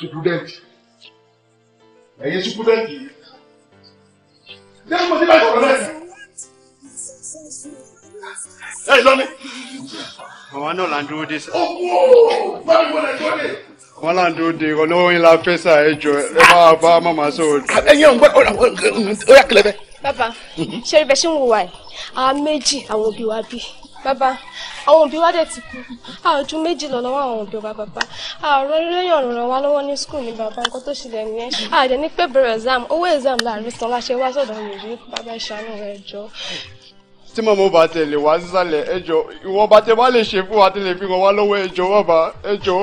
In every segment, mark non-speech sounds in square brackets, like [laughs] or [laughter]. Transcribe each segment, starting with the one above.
sùkúdẹ́ǹtì ẹ̀yin sùkúdẹ́ǹtì yìí dẹ́nu mo ti bá sọ̀rọ̀ lẹ́yìn. ẹ̀yin lọ́ni. àwọn náà là ń dúró dé sá. ó kú ó bá mi wọlé tó dé wọn là ń dúró de ọ̀nà oyin la fẹ́ sà ẹ jọ ẹ bá bá màmá sọ̀rọ̀. ẹ̀yin ò ń gbọ́ ó yà kílẹ̀ bẹ́ẹ̀. bàbá ṣe ibẹ̀ ṣe ń wò wá ẹ̀ àwọn méjì àwọn òbí wa bíi bàbá àwọn òbí wa dẹ̀ ti kú àwọn ojú méjì lọ lọ́wọ́ àwọn òbí wa bàbá àrùn lẹ́yìn ọ̀rùn ràn wá lọ́wọ́ ní skul ní bàbá nǹkan tó ṣẹlẹ̀ nìyẹn àdẹ ní pé bẹ̀rẹ̀ exam owó exam láàrin san láṣẹ wá sọ̀dọ̀ mi rí bàbá ìṣàánú rẹ̀ jọ. tí màmá bá tẹ̀lé wá sísàlẹ̀ ẹjọ́ ìwọ̀n bá tẹ bá lè ṣe fún wa tẹ lè fi hàn wá lọ́wọ́ ẹjọ́ bàbá ẹjọ́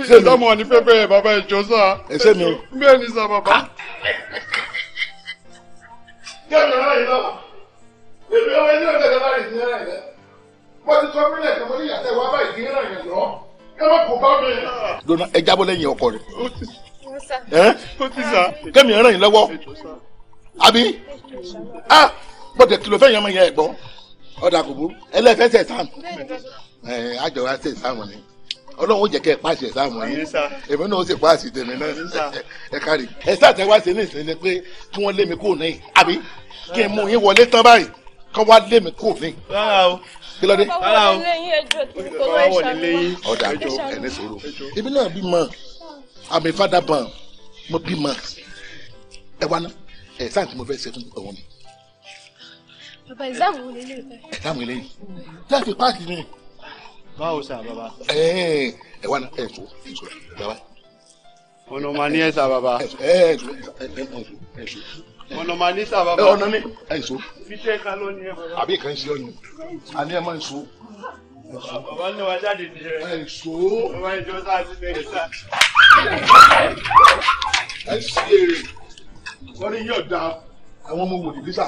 ìṣèdámọ̀ ní pẹ́pẹ́ yẹn bàbá ẹjọ́ sà ẹjọ́ bẹ́ẹ̀ ni sà bàbá. kí mo ti sọ mílẹ̀ tó mo ní ìyàtẹ̀ wa báyìí kí n ràn yàn lọ ẹ má kó bá mi. dona ẹ jábọ́ lẹ́yìn ọkọ rẹ̀. kẹ́mi ràn yín lọ́wọ́ àbí gbọ́dọ̀ kìlọ̀ fẹ́ yẹn mọ̀ yẹn ẹ̀gbọ́n ọ̀dà kò burú ẹlẹ́fẹ́ sẹ̀ sáà ẹ̀ àjọ wa sẹ̀ sáà mọ̀ ni ọlọ́run ó jẹ́ kẹ́ ẹ pàṣẹ sáàmù yìí èmi náà ó sì pàṣẹ tèmi náà ẹ kárí. ẹ sáàtẹ wá sí ní ìsinmi pé kí wọ́n lé mi kúrò ní àbí kí n mú yín wọlé tán báyìí kí wọ́n lé mi kúrò ní. rárá kí ló dé. rárá o rárá wọ ní lẹ́yìn. ọ̀dà ẹni sọ̀rọ̀ ebi náà bímọ àmì fada ban mo bímọ ẹ wá ná ẹ sáà tí mo fẹ́ ṣe fún ọ̀hún mi. bàbá ìzáàmù wo lè lè fẹ́. ìzáàmù lè lè láti páàkì ni. báwo sà bàbá. ẹ ẹ wá ná ẹ sọ ẹ sọ bàbá. ọ̀nà ọ̀ma ni ẹ sà bàbá. ẹ ẹ sọ ẹ sọ ẹ sọ ọ̀nà màá ní sábà bá. ọ̀nà ni ẹ̀ ń so. fitẹ́ ká ló ní ẹ̀ bọ̀. àbí nǹkan ń ṣe ọ̀nà àní ẹ̀ máa ń so. bàbá ní wa jáde ní rẹ̀. ẹ̀ ń so. bàbá ìjọ sáà ti bẹ̀rẹ̀ sá. ẹ̀ ń ṣe èrè wọ́n ní yóò da àwọn ọmọ wòlíì bí sà.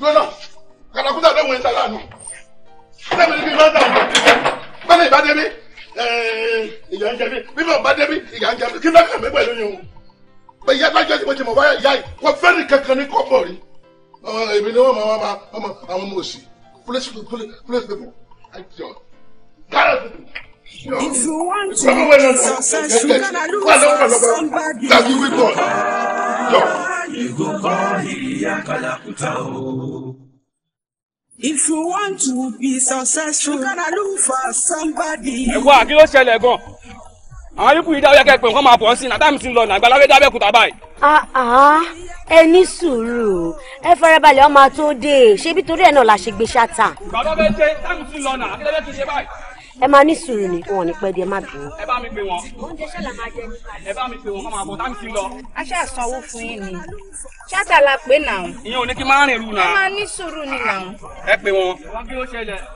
lọ́nà kàdàkùtà lẹ́wọ̀n ìta lánàá. sẹ́mi ní bí bá dà bẹ́ẹ̀ ni ìbá débi ìyà ń jẹ bí bá débi ìyà ń jẹ kí n bá mí pẹ̀lú yín o bẹ ìyá tí mo ti mọ̀ wáyà ìyá yìí wọ́n kankan ní kọ́pọ̀ rí èmi ni wọ́n máa máa àwọn ọmọ òsì police people police people àjọ kára people. If you want to be successful, you gotta look for somebody. That you will God. Ìgò kan ìyá kàlàkùtà If you want to be successful, you gotta look for somebody. Ẹ̀gbọ́n, kí ló ṣẹlẹ̀ gan-an? àwọn yòókù yìí dá ọyá kẹpẹ nǹkan máa bọ̀ sí i nàtàmì ti ń lọ nàgbà láwé dábẹ́ kúta báyìí. Ah, ah, ẹ sùúrù ẹ farabalẹ̀ ọmọ tó dé ṣebí torí ẹ̀ náà la ṣe gbé ṣáta. ìgbà bẹ dé táàmì ti lọ nà akérèdé ti ṣe báyìí ẹ máa ní sùúrù ni wọn ní pẹ́ ẹ má bínú. ẹ bá mi pè wọn. oúnjẹ ṣẹlẹ̀ máa jẹ nípa rẹ. ẹ bá mi pè wọn kọ́ máa bọ̀ táwọn ti lọ. a ṣe àsanwó fún yín ni. ṣáàtà la pè náà. ìyẹn ò ní kí n máa náà. ẹ máa ní sùúrù ni náà. ẹ pè wọn. wọn bí ó ṣẹlẹ̀.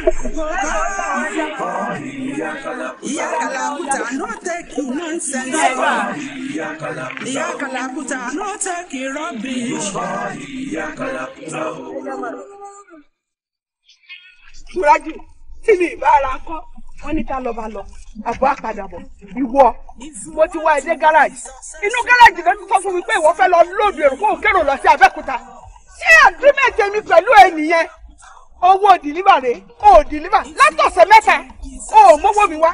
Yakalakuta, no take you nonsense. Yakalakuta, no take you rubbish. Ṣúrájú tí mi ìbára kọ́, wọ́n ní ká lọ bá lọ, àbọ̀ àpadàbọ̀, ìwọ. Mo ti wá ẹdẹ gáràjì. Inú gáràjì ló ti sọ fún mi pé ìwọ fẹ́ lọ lóòdù èrò kó o kérò lọ sí Abẹ́òkúta. Ṣé àgírímẹ̀tì èmi pẹ̀lú ẹ nìyẹn? owó dìlíbà rèé o dìlíbà látọ̀sẹ̀ mẹ́ta o mọ́wọ́ mi wá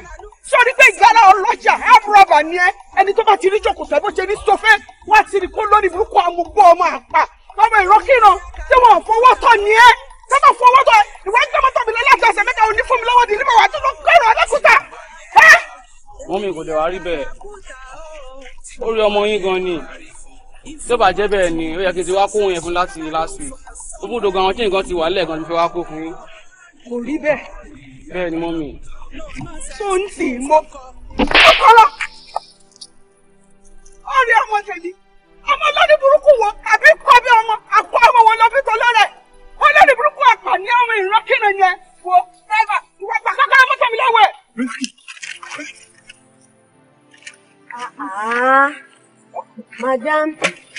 sọ́ni pé ìgbára ọlọ́jà ábúrọ̀bà ni ẹ ẹni tó bá ti rí jòkó tẹ́ bó ṣe ní sọfẹ́ wá ti rí kó lórí burúkú amúgbó ọmọ àpà ọmọ ìrọ́kìrán tí wọ́n fọwọ́ tọ̀ ni ẹ tó bá fọwọ́ tọ̀ ìwà ń gbọ́mọ́tọ̀ mi lọ látọ̀sẹ̀ mẹ́ta òní fún mi lọ́wọ́ dìlíbà wà tó lọ gbọ́rọ̀ ọlọ́kùtà ẹ. wọ́n mi kò dẹ̀ wá rí bẹ́ẹ̀ ó rí ọmọ yín gan ni tó bá jẹ́ bẹ́ẹ̀ ni ó yẹ kí n ti wá kóhun yẹn fún láti last week ogúndogun àwọn tí nǹkan ti wà lẹ́ẹ̀kan ti fẹ́ wá kó fún kò rí bẹ́ẹ̀. bẹ́ẹ̀ ni mọ́mì. tó ń tì í mọ́ kọ́kọ́rọ́ ọ̀rẹ́ ọmọ tẹ̀lé ọmọ lọ́dún burúkú wọ àbí kọ́ bí ọmọ àpò ọmọ wọn lọ fi tọ́ lọ́rẹ̀ wọn lọ́dún burúkú àpà ní àwọn ìran kìnnà yẹn wo ẹ̀fà ìwà pàkàkọ́ ọmọ tẹ̀mí lọ́wọ́ ẹ̀. Ah, ah. madam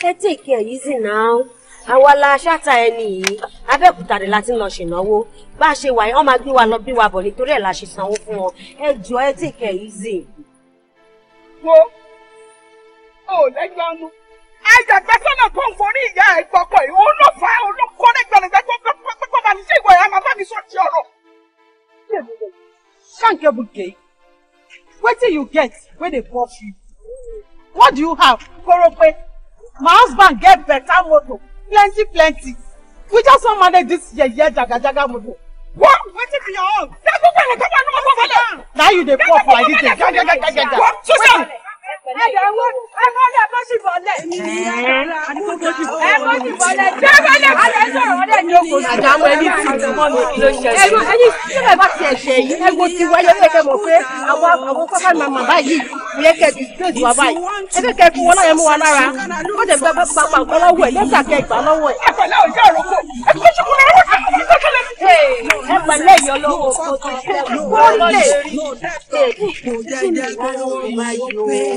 ẹ take care easy now àwa la ṣáta ẹni yìí abẹ́òkúta rẹ̀ láti lọ ṣènáwó bá a ṣe wà yẹn wọ́n máa gbé wa lọ bí wa bọ̀ nítorí ẹ̀ la ṣe sanwó fún wọn ẹ jọ ẹ tí kẹ̀ yìí zè. wo ò lẹ́jọ́ ọdún ajàgbẹ́sọ̀nà tó ń forí ìyá ẹ̀ gbọ́kọ̀ yìí òun ló fa olókòrè gbẹ̀rẹ̀gbẹ̀ gbọ́dọ̀ bá mi ṣe ìwọ̀ ẹ̀ máa bá mi sọ ti ọ̀rọ̀. sankebu gay wetin you get wey dey puff you what do you have korope my husband get better motor plenty plenty we just wan manage this year, year, jaga, jaga, modo. what wetin be your own. na gbogbo ẹni gbogbo ẹni wọn fọwọ́ lẹ. na you dey pop like this. jajajajaja. susan ẹ̀yẹ̀wò ẹ̀fọ́lẹ̀ bọ́sibọ́lẹ̀ ẹ̀fọ́sibọ́lẹ̀ bẹ́ẹ̀rẹ́lẹ̀ ẹ bá ti ẹ̀ṣẹ̀ yìí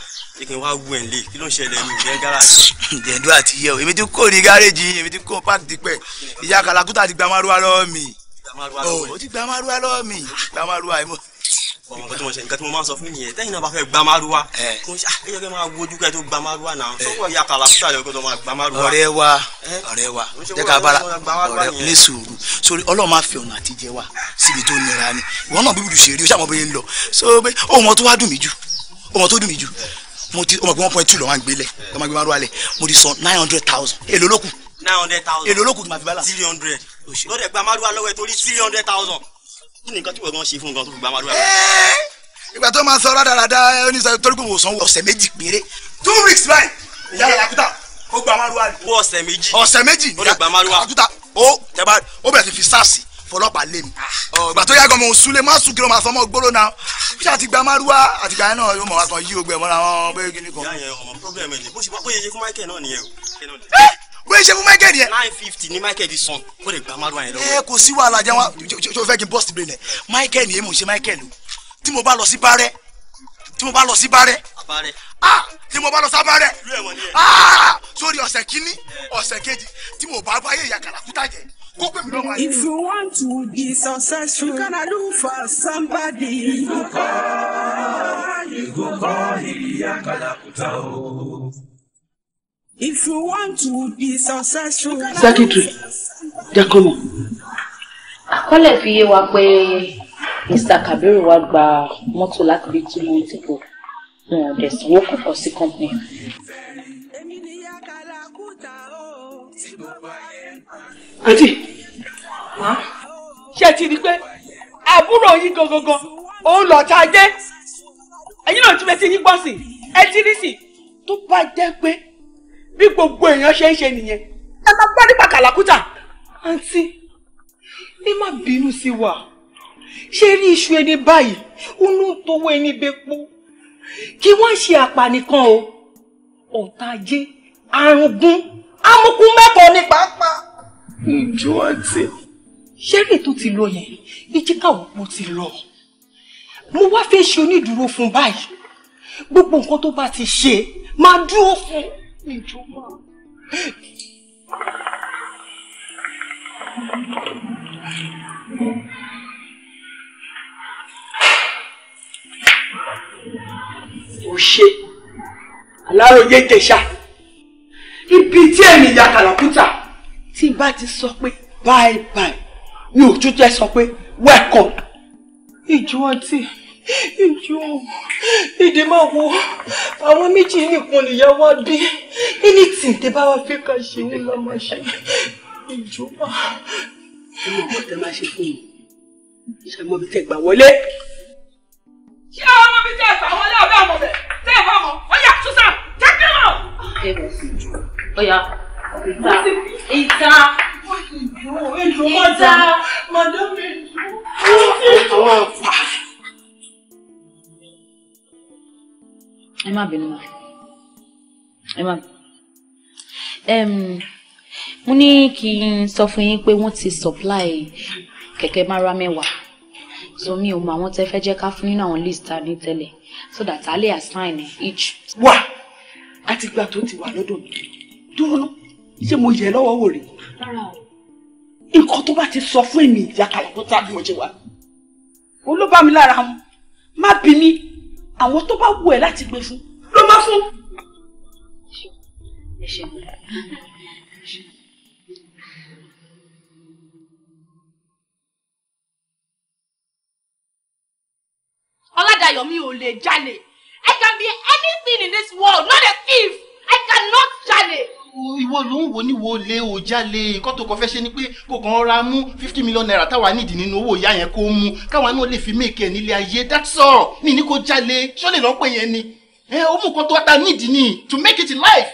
ṣé kí n wá wú ẹ̀ lé kí ló ń ṣẹlẹ̀ mi ìyẹn gáràjì. jẹ̀ǹdú àti yẹ o èmi ti kó ní gárèjì èmi ti kó páàkì dípẹ́ ìyá kàlàkùtà ti gba márùwá lọ́wọ́ mi ó ti gba márùwá lọ́wọ́ mi gba márùwá yìí mọ́. nǹkan tí mo ṣe nǹkan tí mo máa ń sọ fún yìí tẹ́yìn náà bá fẹ́ gba márùwá kó ṣe àyè ah, kẹ́ máa wojú kẹ́ tó gba márùwá náà sọ́kọ̀ ìyá kàlàkùtà lè kó tó máa gba márùwá. ọ̀rẹ́ wa ọ̀rẹ́ wa jẹ́ ká bára ọ̀rẹ́ ní sùúrù sórí Ọlọ́run máa fi ọ̀nà àtijẹ́ wa síbi tó nira ni ìwọ náà bíbí ju ṣe rí o ṣàmọ́ bóyá ń lọ so ohun tó wá dùn mí jù ohun tó dùn mí jù mo ti ọmọ pé one point two lọ́wọ́ à gbélé ọmọ gbé márùn alẹ̀ mo ti san nine hundred thousand èlò ló nine hundred thousand èlò ló kù kí fi bá la three hundred lọ́dẹ̀ gba márùn alọ́wọ́ torí three hundred thousand kí ni nǹkan tí wọ́n ṣe fún nǹkan tó fi gba márùn alọ́wọ́ ìgbà tó máa sọ rádaràda oníṣẹ́ torí pé mo san ọ̀sẹ̀ méjì péré two weeks báyìí ìyá rẹ̀ ó gba márùn alọ́wọ́ ọ̀sẹ̀ méjì ọ̀sẹ̀ méjì ìyá rẹ̀ ó bẹ̀rẹ̀ fi sáàsì fọlọ́pàá lé mi ah. ìgbà tó yàgò mọ̀ súnlé má sùn kí ló máa fọmọ́ gbóló náà bí a ti gba márúwá àtìgbà yẹn náà yóò mọ̀ wá kan yí ogbẹ́ mọ́ra wọn bẹ́ẹ̀ kí ni kan. yáyẹ ọmọ pọ́blẹ́mù ẹ̀ bó ṣe wọ́n yẹ fún Michael náà nìyẹn o. ẹ wọ́n fún Michael yẹn. nine fifty ni Michael di san kó lè gba Michael yẹn Michael ah tí mo bá lọ sábárẹ́ ah sórí ọ̀sẹ̀ kínní ọ̀sẹ̀ kejì tí mo bá báyé ìyá kàràkútà jẹ If you want to be successful, you gonna look for somebody. If you want to be successful, secretary, they're Jacomo. Àkọlé fi yé wa pé Mr. Kabiru wa gba mọ́tò láti bí two months ago. Wọn ò dẹ̀ sanwó kankan sí company àǹtí ṣé ti rí pé àbúrò yín gangan òun lọ tá a jẹ ẹ̀yin náà tún bẹ ti yín gbọ́ sí ẹ ti rí sí tó bá jẹ́ pé bí gbogbo èèyàn ṣe ń ṣe nìyẹn ẹ máa gbọ́ nípa kàlàkùtà àǹtí ẹ má bínú sí wa ṣé rí iṣu ẹni báyìí òun ló ń towó ẹni kí wọ́n ṣe àpànìkan o ọ̀tá ajé àrùngún amúkú mẹ́kọ̀ọ́ ní pàápàá ìjọ àǹtí. ṣẹ́rì tó ti lọ yẹn ìjíkà òpó ti lọ mo wá fẹ́ ṣe onídùúró fún báyìí gbogbo nǹkan tó bá ti ṣe máa dúró fún ìjọ máa. ò ṣe aláròye jẹ̀ṣà ibi tí ẹ̀mí ìyá kàlàkùtà tí n bá ti sọ pé bye bye mi ò tún jẹ́ sọ pé welcome. ìjọ ọtí ìjọ èdè máa wo àwọn méjì nìkan nìyá wa bí anything tẹ bá wa fi ká ṣe ń la máa ṣe ìjọ wa. ẹ mọ̀ ọ́ tẹ máa ṣe fún mi ṣàmọ́ bí tẹ gbà wọlé. ṣé ọmọ mi tẹ gbà wọlé ọ̀dọ́ ọmọ bẹ̀ tẹ́ ẹ̀ bá mọ̀ ọ̀yà túnṣà jẹ́ kí n mọ̀. ẹ bọ̀ sí ìjọ ọ̀yà ìta ìta ìta mọ̀dọ́mì àwọn àfà. ẹ má bínú ma ẹ má mo ní kí n sọ fún yín pé wọ́n ti supply kẹ̀kẹ́ Mara, mẹ́wàá so mi ò mọ àwọn tẹ́ fẹ́ jẹ́ ká fún nínú àwọn list ta ní tẹ́lẹ̀ so that a lè assign each. wá àtìgbà tó ti wà lọ́dọ̀ mi dúró náà ṣé mo yẹ lọ́wọ́ wò rí nǹkan tó bá ti sọ fún èmi ìjàkadì tó tá bí mo ṣe wà òun ló bá mi lára mu má bí mi àwọn tó bá wù ẹ́ láti gbé fún ló má fún. Ọládàyọ̀ mi ò lè jalè I can be anything in this world not a thief I cannot jalè ìwọ ló ń wo níwo lé o jálè nǹkan tó kọ fẹ́ ṣe ni pé kò kàn ra mú fifty million naira táwa nídìí nínú owó ìyá yẹn kó mú káwa náà lè fi méèkì nílé ayé that's all ní ní kò jálè ṣó lè lọ́pẹ́ yẹn ni ẹ ó mú nǹkan tó wá ta nídìí ni to make it in life.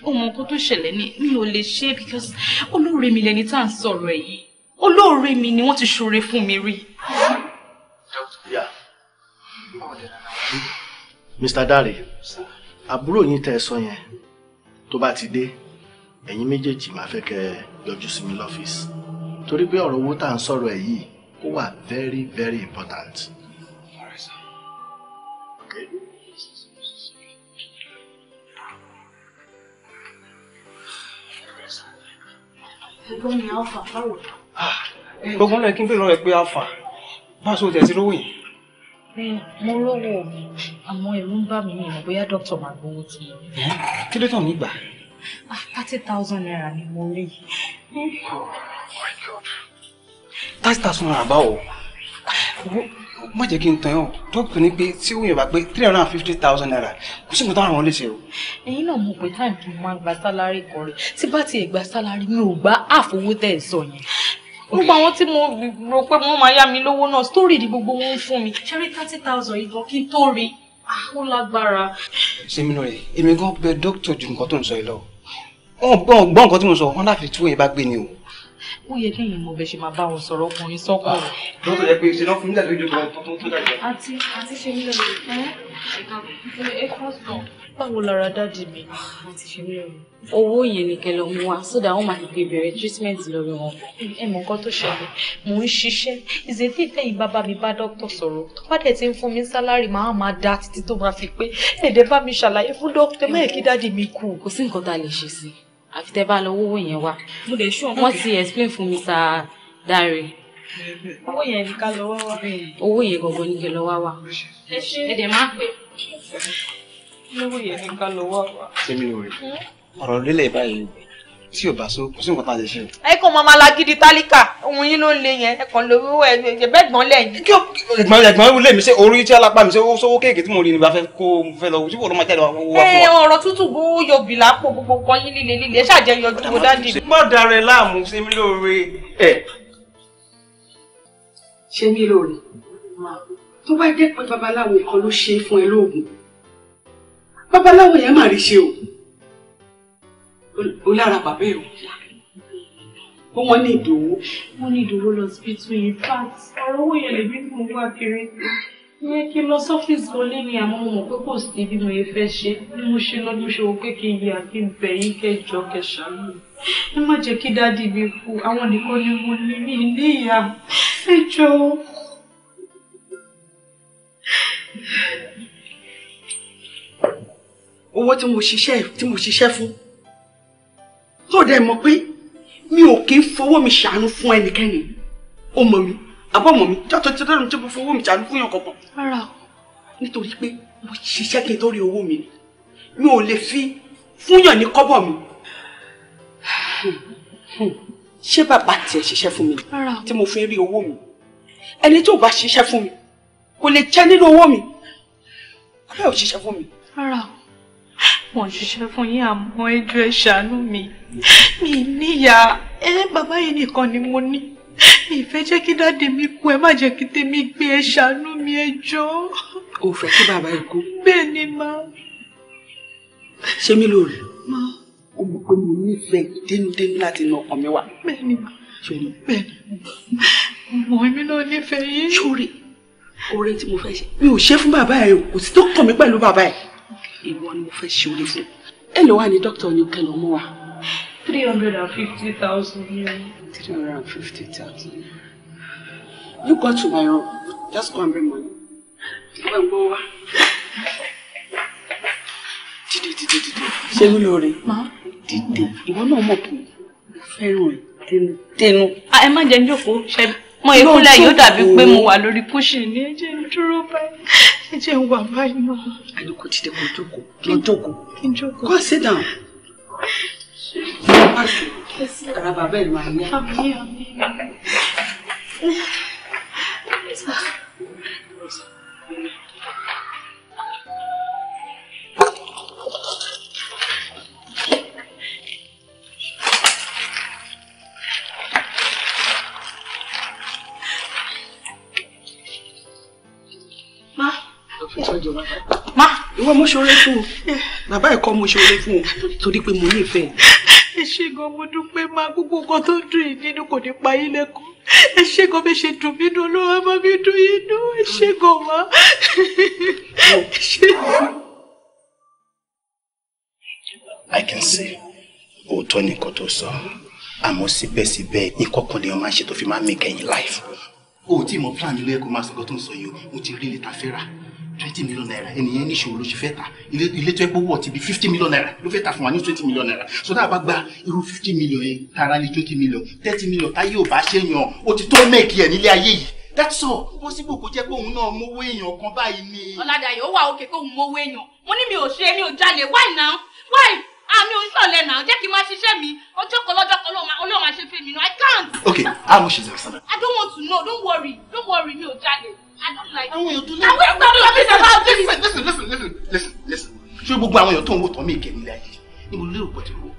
ọmọ ah, nǹkan tó ṣẹlẹ̀ ni mi ò lè ṣe because olóore mi lẹni tá à ń sọ̀rọ̀ yìí olóore mi ni wọ́n ti ṣoore fún mi rí. Mr. Dare àbúrò yín tẹ́ ẹ sọ yẹn tó bá ti dé ẹ̀yin méjèèjì máa fẹ́ kẹ́ ẹ yọjú sí mi lọ́fíìsì torí pé ọ̀rọ̀ owó tá à ń sọ̀rọ̀ ẹ̀ yìí ó wà very very important. ẹ̀gbọ́n mi alfa báwo. Ah, gbogbo ọ̀la kí n bèrè lọ́wọ́ ẹ pé alfa báṣọ tẹ̀sí yìí. Hmm, mo lówó àmọ́ ẹ̀rù ń bà mí nìyẹn bóyá dókítà máa gbowó ti yẹn. kí ló tàn nígbà. Ah, thirty thousand naira ni mo rí. Oh thirty thousand naira báwo má jẹ́ kí n tàn ọ́ dókítà ní pé tí ó yàn bá pé three hundred and fifty thousand naira kò sí nǹkan táwọn lè ṣe o. ẹ̀yin náà mo pè táìmù tó máa gba sálárì kan rẹ̀ tí bá tiẹ̀ gba sálárì mi ò gbà àfọwọ́tẹ̀ sọ yẹn gbogbo àwọn tí mo rò pé wọ́n máa yá mi lówó náà story di gbogbo wọn ń fún mi ṣe thirty thousand ìbọn kí n tó rí ó lágbára. ṣé mi náà rè èmi gan bẹ dókítà ju nǹkan tó ń sọ yìí lọ wọn gbọ́ gbọ́ nǹkan tí mo sọ wọn láfi tú yẹn bá gbé ni o. ó yẹ kéèyàn mọ bẹ ṣe máa bá wọn sọ̀rọ̀ ọkùnrin sọ́kùnrin. dókítà yẹ pé ṣe lọ́ fún mi lẹ́sọ̀ọ́ ìjọba tó tó dájú. àti àti ṣe mi lọ báwo lára dáàdì mi owó yẹn ni kẹlọ mú wa sódà wọn máa tètè bẹ̀rẹ̀ treatment lórí wọn ẹ mọ nǹkan tó ṣẹlẹ̀ mò ń ṣiṣẹ́ ìṣètì ìtẹ̀yìn bàbá mi bá dókítà sọ̀rọ̀ tó bá dẹ̀ ti ń fún mi sálárì máa máa da títí tó máa fi pé ẹ̀dẹ̀ bá mi ṣàlàyé fún dókítà mẹ́ẹ̀ kí dáàdì mi kú. kò sí nǹkan tá a lè ṣe sí àfi tẹ́ bá lọ owó yẹn wá wọ́n ti explain fún mi sáà dáre owó yẹn ní ká lọ wá wá. owó yẹn gangan ní kẹ lọ wá wá. ẹ ṣe é ẹ dẹ̀ máa pè é lówó yẹn ní ká lọ́wọ́ wa. sẹ́mi ò rí hmm? ọ̀rọ̀ lílẹ̀ báyìí tí ò bá so kò sí nǹkan tá a lè ṣe. ẹ kàn máa máa lagidi tálíkà ohun yín ló le yẹn ẹ kàn lówó ẹ ẹ bẹ́ẹ̀ gbọ́n lẹ́yìn. kí o ìgbọ̀n ìgbọ̀n lè mi ṣe orí tí alápá mi ṣe sówó kéèké tí mo rí ni bá fẹ́ kó fẹ́ lọ tí kò ló máa jáde wá fún wa. ẹ ọ̀rọ̀ tútù bó yọ bìlà pò gbogbo kan yín líle líle ṣàjẹ́ yọjú mo dáàdì. mọ̀ darẹ̀ láàmú ṣe mí lóore ẹ̀. ṣe mí lóore tó bá jẹ́ pé babaláwo kan ló ṣe fún ẹ lóògùn babaláwo yẹn máa rí ṣe o ó lára bàbá ẹ o ó wọn ní ìdòwó. wọn ní ìdòwó lọ síbítù in fact ọ̀rọ̀ owó yẹn lè bí mo wá kiri ní kí n lọ sọ́fíìsì wọlé ni àmọ́ mo mọ̀ pé kò sí bí mo yẹ fẹ́ ṣe ni mo ṣe lọ́dún ṣe wò pé kí n yà kí n bẹ̀ yín kẹjọ kẹsàn-án ẹ má jẹ́ kí dáàdi mi kú àwọn nìkan ni mo ní ní ilé ìyá ẹ jọ̀ọ́ owó tí mo ṣiṣẹ́ tí mo ṣiṣẹ́ fún tó dẹ̀ mọ̀ pé mi ò kí ń fowó mi ṣàánú fún ẹnikẹ́ni ó mọ̀ mi àbọ̀ mọ̀ mi jọ́tọ̀ tí ó tí mo fowó mi ṣàánú fún yàn kankan rárá o nítorí pé mo ṣiṣẹ́ kí n tó rí owó mi ni mi ò lè fi fúnyàn ní kọ́bọ̀ mi ṣé bàbá tiẹ̀ ṣiṣẹ́ fún mi tí mo fi ń rí owó mi ẹni tí ò bá ṣiṣẹ́ fún mi kò lè jẹ́ nínú owó mi ọlọ́ọ̀ ṣiṣẹ́ fún mi. rárá o wọn ṣiṣẹ́ fún yín àmọ́ ẹjọ́ ẹ ṣàánú mi mi níyà ẹ bàbá yìí nìkan ni mo ní mi fẹ́ jẹ́ kí dáàdì mi kú ẹ má jẹ́ kí tèmi gbé ẹ ṣàánú mi ẹjọ́. o fẹ́ kí bàbá yìí kú. bẹ́ẹ̀ ni ma. ṣé mi lóore. ma. o mọ̀ pé mo nífẹ̀ẹ́ dénúdénú láti inú ọkàn mi wá. bẹ́ẹ̀ ni ma. sori bẹ́ẹ̀ ni mo èmi náà nífẹ̀ẹ́ yín. sori oore tí mo fẹ́ ṣe mi ò ṣe fún bàbá yìí o kò sí tó kàn mí pẹ̀lú bàbá yìí ìwọ ni mo fẹ́ ṣe orí fún. ẹ lọ wá ní dókítà oníkẹlẹ ọmọ wa. three hundred and fifty thousand. three hundred and fifty thousand. you go to my room just go and bring money. ìwọ ń gbọ́ wá. dìde dìde dìde ṣé mi lóore. dìde ìwọ náà mọ̀ pé mo fẹ́ràn ẹ̀ tẹnu. ẹ má jẹ́ ń jókòó ṣe mọ ìkúnlẹ̀ yóò dàbí pé mo wà lórí kúṣìn ní ẹ ń dúró báyìí ẹ jẹ́ ń wà báyìí náà. àlùkò ti dé kó jókòó kí n jókòó kí jókòó kó sit down. ara bàbá ẹ̀ máa yá. Thank you. má ìwọ mo ṣoore fún o bàbá ẹ̀kọ́ mo ṣoore fún o torí pé mo nífẹ̀ẹ́. ẹ ṣé gan mo dúpẹ́ máa gbogbo nǹkan tó dùn yìí nínú kò ní pa yín lẹ́kọ̀ọ́ ẹ ṣé gan mi ṣe dùn mí dùn olówó ọmọ mi dùn yín dùn ẹ ṣé gan wá. I can say òótọ́ ni nǹkan tó sọ àmọ́ síbẹ̀síbẹ̀ nǹkan kan lèèyàn máa ń ṣe tó fi máa ń mí kẹ́yìn life. o ò tí ì mọ plan nílé ẹ̀kọ́ máa sọ tó ń sọ yìí o mo ti rí ilé ta fẹ́ rà twenty million naira ènìyàn níṣòro ló ṣe fẹ́ ta ilé tó yẹ pé wọ̀ ti di fifty million naira ló fẹ́ ta fún wa ní twenty million naira so tá a bá gba irú fifty million yẹn tara ní twenty million thirty million táyé ò bá ṣe yan ó ti tó mẹ́ẹ̀kì ẹ̀ nílé ayé yìí that's all bó sì bò kó jẹ́ pé òun náà mówó èèyàn kan báyìí ni. ọ̀làdàyọ̀ wà òkè kóun mówó èèyàn mo ní mi ò ṣe mi ò jalè why now why àmì ah, oníṣọ̀lẹ̀ náà jẹ́ kí n máa ṣiṣẹ́ mi ọjọ́ kan lọ́jọ́ kan olóò máa fèmí náà i can't. okay I'm much is the i don't want to know don't worry don't worry Me ò jalè àwọn èèyàn listen listen listen listen listen ṣé gbogbo àwọn èèyàn tó ń wò tán mí kẹ́ nílẹ̀ ayé ni mo lérò pọ̀jù wò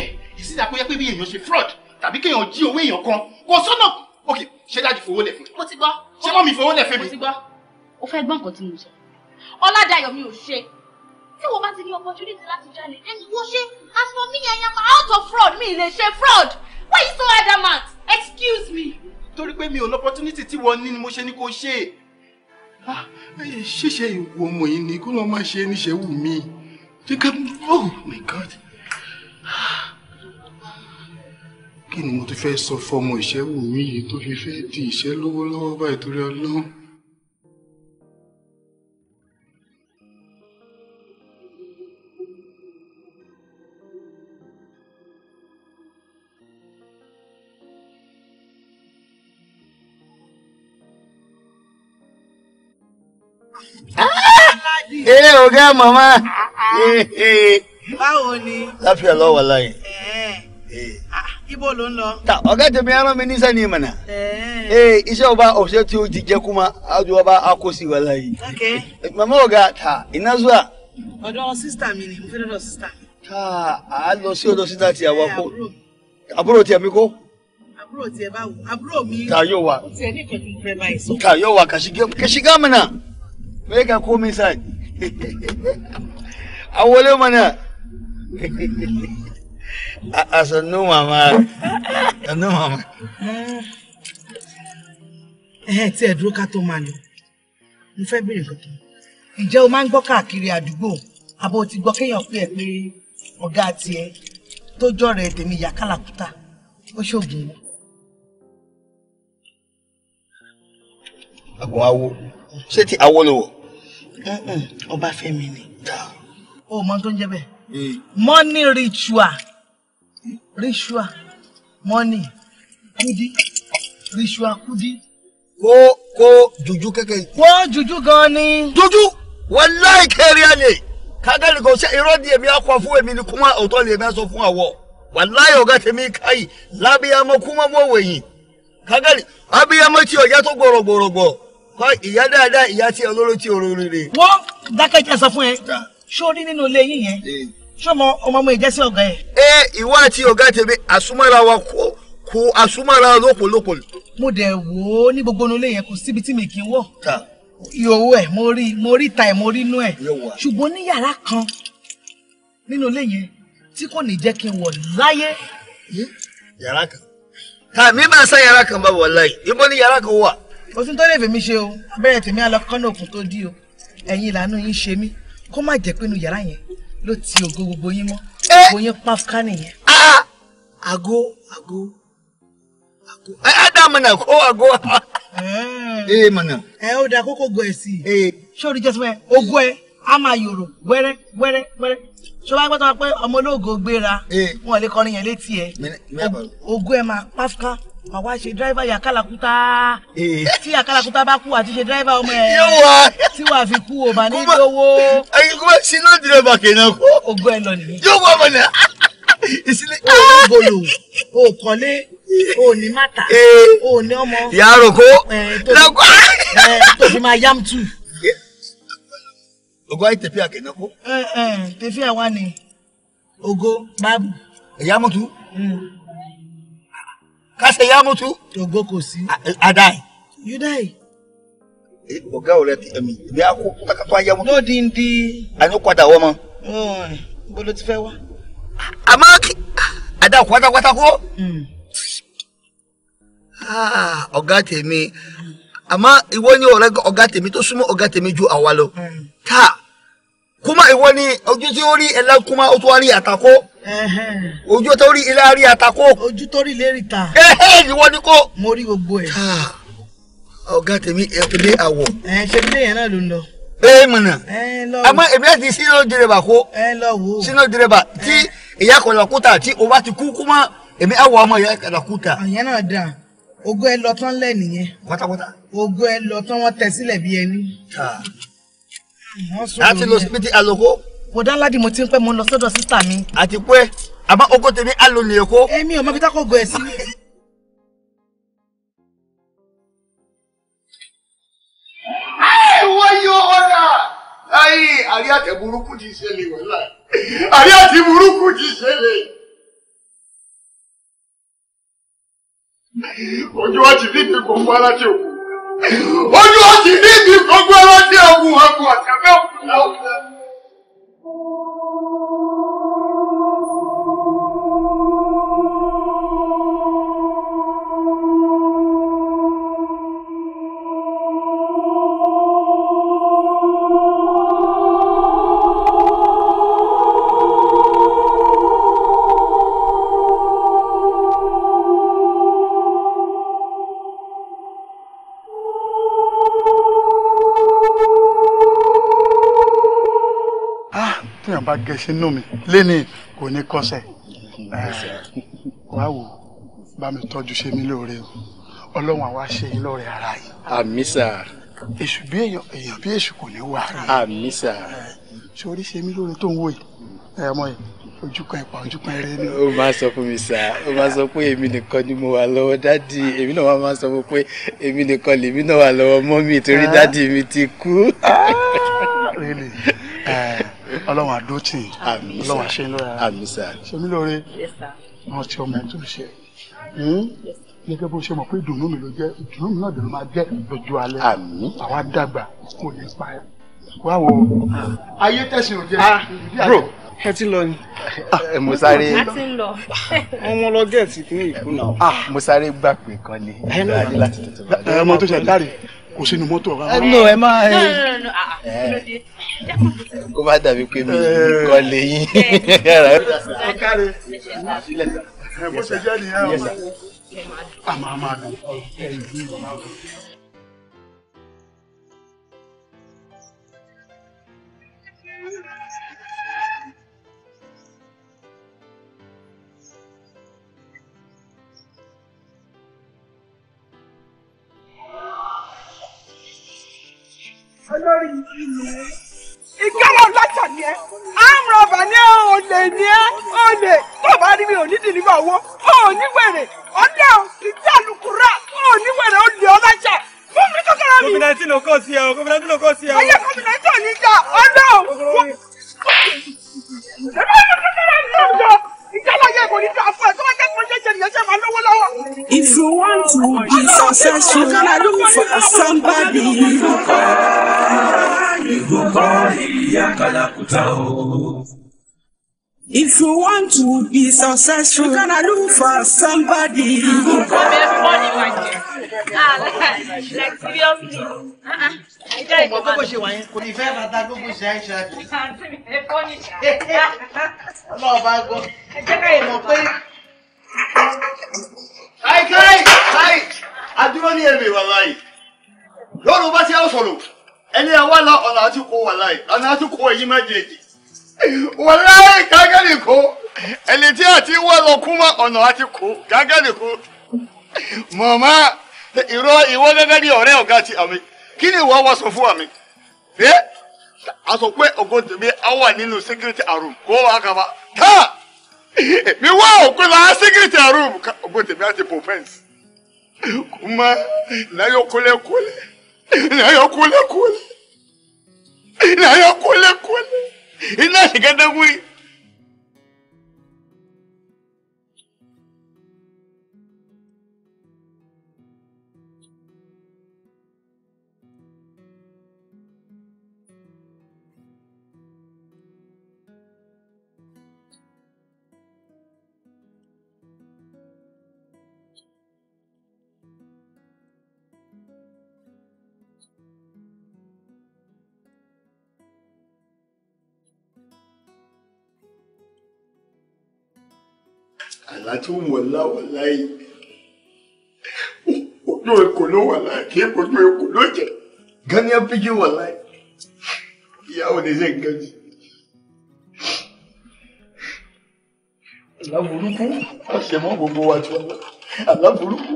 ẹ́ ìsìn àpò yẹ pé bí èèyàn ṣe fraud tàbí kéèyàn jí owó èèyàn kan kò sọ́nà ok ṣé dájú fowó lẹ̀ fún mi. mo ti gbọ́. ṣé mọ́ mi fowó lẹ̀ fún mi. mo ti gbọ́ o fẹ́ gbọ́n nǹkan tí mo sọ ọládàyọ̀ mi ò ṣe tí wọ́n bá ti ní opportunity láti jalè ẹni wọ́n ṣe as for me I am out of fraud mi lè ṣe fraud why you so adamant excuse me torí pé mi ò lọ́pọ́túnítì tí wọ́n ní ni mo ṣe ni kò ṣe ah, ṣíṣe ìwọ ọmọ yìí ni kó lọ máa ṣe níṣẹ́ wù mí oh my god kí ni mo ti fẹ́ sọ fọmọ ìṣẹ́wù mi yìí tó fi fẹ́ di ìṣẹ́ lọ́wọ́lọ́wọ́ báyìí torí ọlọ́run. ẹ ọ̀gá Mama. báwo ni. láfíà lọ wà láyé. Ah, ibo ló ń lọ. ta ọ̀gá tèmi ẹran mi níṣẹ́ ni ìmọ̀nà. ee iṣẹ́ ọba ọ̀ṣẹ́ tí ó ti jẹ́ kúmá àjọ ọba akọ́sí wà láyé. màmá ọ̀gá ta iná zuwa. ọ̀dọ̀ sísítà mi ni mo fẹ́ lọ́dọ̀ sísítà mi. ta a lọ sí ọ̀dọ̀ sísítà tí àwa kó àbúrò tí ẹ̀mí kó àbúrò tiẹ̀ bá wò àbúrò mi. ta yóò wa ta yóò wa ka shiga ka shiga mana me ka komi sa a wale mana a sannu mama sannu mama ẹ eh, tí ẹ dúró ká tó máa lọ mo fẹ́ béèrè kankan ìjẹ́ o máa ń gbọ́ káàkiri àdúgbò àbò ti gbọ́ kéèyàn pé ẹ pé ọ̀gá tiẹ̀ tó jọ̀rọ̀ ẹ̀ tèmi ìyá kálàkúta ó ṣoògùn wọn. àgbọn awo ṣé ti awo ló wọ̀. Ọbáfẹ́mi ni. o mọ tó ń jẹ bẹ́ẹ̀. Eh. money ritual ritual money kudi ritual kudi. kó kó juju kékeré. kó juju gan ni. juju wàláì kẹrì àlè kágàlì kò ṣe irọ́ di èmi akọ fún èmi ni kúmọ́ òótọ́ lè mẹ́ sọ fún àwọ̀ wàláì ọ̀gá tèmi káyì lábíyamọ kúmọ́ mọ̀ wẹ̀yìn kágàlì tí ọ̀já tó gbọ̀rọ̀gbọ̀rọ̀gbọ̀ kọ́ ìyá dáadáa ìyá tí olóró tí oró rere. wọ́n dákẹ́jẹ́ sọ fún ẹ sórí nínú ilé yín yẹn sọmọ eh. ọmọ ọmọ ìjẹ́sí ọ̀gá ẹ̀. ẹ ìwọ àti ọ̀gá tèmi àsúmọ́ra wa kò àsúmọ́ra lópolópo. mo dẹ̀ wò ó ní gbogbo inú ilé yẹn kò síbi tí mi kì í wọ̀ yòówó ẹ̀ mo rí mo rí ta ẹ̀ mo rí inú ẹ̀ ṣùgbọ́n ní yàrá kan nínú ilé yẹn tí kò ní jẹ́ kí n wọ̀ láyé. Hmm? yàrá kan tàbí máa sá yàrá kan bá wọ̀ láyé ibo ni yàrá kan wà kò sí tó lè fèmí ṣe o abẹ́rẹ́ tèmi á lọ kán òkun tó dí o ẹ̀yin ìlànà yín ṣe mí kó má jẹ́ pé inú yàrá yẹn ló ti ògo gbogbo yín mọ́ eh! gbogbo yín pàfká nìyẹn. Ah, ah! àgó àgó àgó àdàmọ̀nà eh, ah, kó àgó ee eh. mọ̀nà. ẹ ó da kókó gọ ẹ sí i ṣé orí jẹ́sí mẹ́ ogún ẹ á máa yòrò wẹ́rẹ́ wẹ́rẹ́ wẹ́rẹ́ ṣé wàá gbọ́dọ̀ pé ọmọ olóògo gbéra wọn ò lè kọrin yẹn létí ẹ ogún ẹ máa pàfká àwa ṣe dráìvà yà kálàkúta eh. tí àkálàkúta bá kú àti ṣe dráìvà ọmọ ẹ tí wàá fi kú o bá ní lówó. ayé kó ṣe náà dìrẹ́ bá kéèyàn kú. ogun ẹ lọ nìyí. yóò wọ ọmọ náà ìsílẹ̀. o ní bolo o kọ́lé o ní mata eh. o ní ọmọ. yàrá kó lọ́kọ́. máa yam tu. ogo ayé tẹ̀fẹ́ àkẹ́nà kó. Eh, tẹ̀fẹ́ àwa ni ogo báàbù. ẹ̀yà mọ̀tú. Hmm kásẹ̀ yá mutu. ògo si. sí. adai. you die. ọ̀gá ò rẹ ti ẹ̀mí ìbí akó kátó ayé wọn. ló dín dín. àní padà wọ́n mọ. bó ló ti fẹ́ wá. àmọ́ adá pátápátá kó. ọ̀gá tèmi àmọ́ ìwọ ni ọ̀gá tèmi tó súnmọ́ ọ̀gá tèmi ju àwa lọ. káà. Hmm kuma ìwọ ni ojú tí ó rí ẹlẹ́ kuma ó tún wá rí àtakó ojú tó rí ilé rí àtakó. ojú tó rí ilé ta. ìwọ ni kò. mo rí gbogbo ẹ. ọ̀gá tèmi ẹ̀kúndé àwọ̀. ẹ ṣe ilé yẹn náà ló ń lọ. ee mọ̀nà àmọ́ èmi àti sínú dírẹ́bà kó sínú dírẹ́bà tí ìyá kọ̀làkúta tí o bá ti kú kúmọ́ èmi àwọ̀ ọmọ ìyá kọ̀làkúta. àyẹn náà dà ogún ẹ lọ tán lẹ́ nìyẹn. pátápátá. ogún ẹ lọ tán wọ́n tẹ sílẹ̀ bí ẹni láti lọ síbi tí a lọ kó. bọ̀dá aládìí mo ti ń pẹ́ mo ń lọ sọ́dọ̀ sísà mi. àti pé àmọ́ oko tèmi á lò nìyẹn kó. èmi ò mọ ibi tákò gọ̀ ẹ̀ sí. ẹ̀wọ̀n yóò ọ̀rà ayé àrí àtẹ burúkú ti ṣẹlẹ̀ wọ́lá àrí àti burúkú ti ṣẹlẹ̀. ojú wa ti bí ìgbẹ́kọ̀ọ́ fún aláṣẹ òkú ojú ọtí ní ibi gbogbo ẹrọ tí ọgùn ọgùn ọtí abẹ́ bá gẹ̀ sínú mi léni kò ní kọsẹ̀ wá wò bá mi tọ́jú ṣe mí lóore o ọlọ́run àwa ṣe yín lóore ara yìí. àmì sà. èṣù bí èèyàn èèyàn bí èṣù kò ní wà rí. àmì sà. sori ṣe mí lóore tó ń wò yìí ẹ mọ yìí ojú kan ìpà ojú kan eré ni. ó máa sọ fún mi sà ó máa sọ pé èmi nìkan ni mo wà lọ́wọ́ dádì èmi náà máa sọ fún pé èmi nìkan lèmi náà wà lọ́wọ́ mọ́mì torí dádì mi ti kú ọlọ́run àdótì ọlọ́run àṣeyínlọ́ra ṣomi lóore wọn ti ọmọ ẹni tó ń ṣe gẹ́gẹ́ hmm? bó ṣe mọ̀ pé ìdùnnú mi ló jẹ́ ìdùnnú mi náà dùnnú máa jẹ́ lójú alẹ́ àwa dàgbà kò ní pa ẹ́ wá wo ayé tẹ̀sí ò jẹ́ ìdí ẹ ti lọ ni. Ah, mo sáré ọmọ lọ gẹ̀ẹ́sì kí ìkùnà. Ah, mo sáré gbà pé kan ni ìgbà láti tètè bá ọmọ tó ṣe dáre kò sínú mọ́tò ọ̀gá. ẹ nọ ẹ má eh. ah, ah. Eh. ẹ. kó má dàbí pé mi eh. kọ́ lè yín. [laughs] ẹ káre bó ṣe jẹ́ nìyẹn o. a máa máa lò. olórí ìlú ìkẹ́lọ̀ lọ́jà ni ẹ́ àmọ́ ọba ni ẹ́ olè ni ẹ́ olè tó bá rí mi ò ní dìní owó ò ní wèrè ọ̀dà ìdí àlùkùrà ò ní wèrè olè ọlọ́jà fún mi kọ́kọ́rọ́ mi. gómìnà tí ló kọ́ sí ẹ o gómìnà tí ló kọ́ sí ẹ o. ayé gómìnà tí ò ní jà ọ̀dà. If you want to be successful, you gotta look for somebody. If you want to be successful, you gotta look for somebody. like seriously. Kay kay kay. Adúró ní èmi wàláì. Lóru bá ti á sọ̀rọ̀. Ẹni àwa la ọ̀nà àti kó wàláì. Ọ̀nà yi. kó èyí méjèèjì. Wàláì ko kó. Ẹni tí àti wọ́ lọ kú mọ́ ọ̀nà àti kó. Gágẹ́lì kó. Mọ̀mọ́ ìró ìwọ gẹ́gẹ́ bí ọ̀rẹ́ ọ̀gá ti àmì. Kí ni ìwọ wá sọ fún àmì? Ṣé a sọ Ogo ògo tèmi á wà nínú security room wa wàá kàfa? mi wá òkú la security room bó tèmi àti pọpẹ́ǹsì kuma n'ayọ kólẹ́kólẹ́ n'ayọ kólẹ́kólẹ́ n'ayọ kólẹ́kólẹ́ iná ṣìgẹ́dẹ́gún yìí. aláàtú wọ̀lá wọ̀lá yìí ojú èkó ló wà láì kí ojú èkó ló jẹ gánìyàn píjì wà láì ìyàwó ní sẹ nǹkan jì. aláburúkú àṣemọ gbogbo wa tí wọn lọ aláburúkú.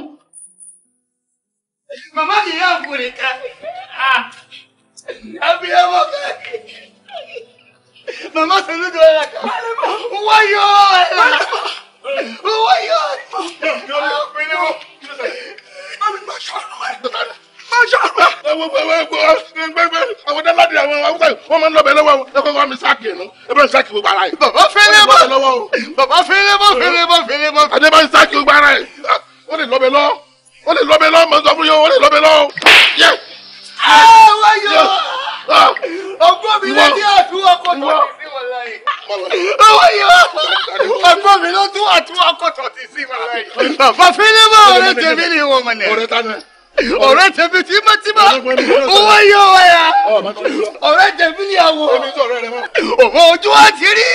màmá mi yóò kúrè ká abiyamọ ah. bẹ́ẹ̀ màmá sọlú dọ̀ọ́ la kàwé wáyọ̀ ẹ̀ la owó yóò rí mọ́. Mami máa ṣọ́ọ̀rọ̀ ẹ̀. Máa ṣọ́ọ̀rọ̀ ẹ̀. Ẹ wo gbẹgbẹ àwọn dáláde àwọn awúgbà yìí wọ́n máa ń lọ́bẹ̀ lọ́wọ́ ẹ kọ́kọ́ mi sáàkì ẹ̀ nù. Ẹ bá ń sáàkì gbogbo ara yìí. Bàbá fẹ́lẹ́ bọ̀ bàbá fẹ́lẹ́ bọ̀ fẹ́lẹ́ bọ̀ fẹ́lẹ́ bọ̀. Àdé bá ń sáàkì gbogbo ara yìí. Ó lè lọ́bẹ̀ lọ́. Ó lè lọ́bẹ̀ lọ́. Mo sọ fún yóò ó lè lọ́bẹ̀ lọ́. Yẹ. Àwọn yóò. Ọgbọ́n mi lè ní àdúrà kọ́tọ́ ọgbọ́n mi ló tún àtúwọ́ ọkọ̀tọ̀ ti sí wa láyé. bàbá fílímù ọ̀rẹ́ tèmi ni wọ́n mọ̀ nẹ́. ọ̀rẹ́ tánà ọ̀rẹ́ tẹ̀mí tímọ́tímọ́ owó yóò wá ya ọ̀rẹ́ tẹ̀mí ni àwọ̀ ọmọ ojú wa ti rí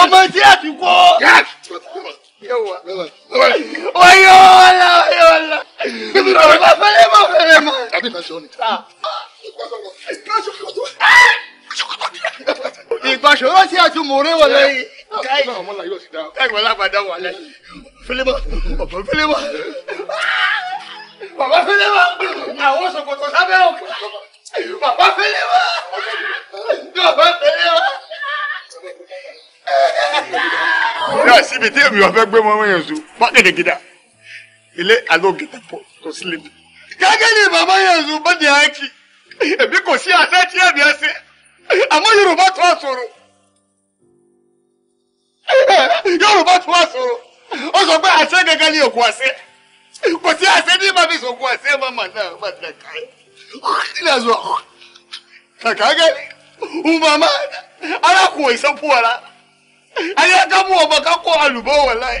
ọmọ tí a ti kọ́ ọyọ́ ọ̀la ọyọ́ ọ̀la ọmọ fẹ́lẹ́ mọ̀ fẹ́lẹ́ mọ̀ ìgbàsọ̀rọ̀ sí àtúmọ̀rẹ́ wọlé yìí. káyì káyì wọn lápàdá wà lẹ́yìn. fílímọ̀ bàbá fílímọ̀ bàbá fílímọ̀ àwọn ṣòkòtò sábẹ́ òkè bàbá fílímọ̀ bàbá fílímọ̀. yóò síbi tí èmi wàá fẹ́ gbé mọ́ yẹn zu pọ́kìtì gidà ilé àlọ́ gidà pọ̀ tó sílẹ̀. kákẹ́lì bàbá yẹn zu bọ́dì àákì èmi kò sí àṣẹ tí èmi ẹ ṣe àmọ́ yorùbá tó wà sọ̀rọ̀ yorùbá tó wà sọ̀rọ̀ ó sọ pé àṣẹ gẹ́gẹ́ ni òkú àṣẹ kò sí àṣẹ ní ìbámu ìsòkú àṣẹ màmá náà má ti kà é ìlà zọ kàkà gẹ́gẹ́ umama alákùn ìsọpù wàrà ayé ká mú ọmọ ká kó àlùbọ́ wà láyé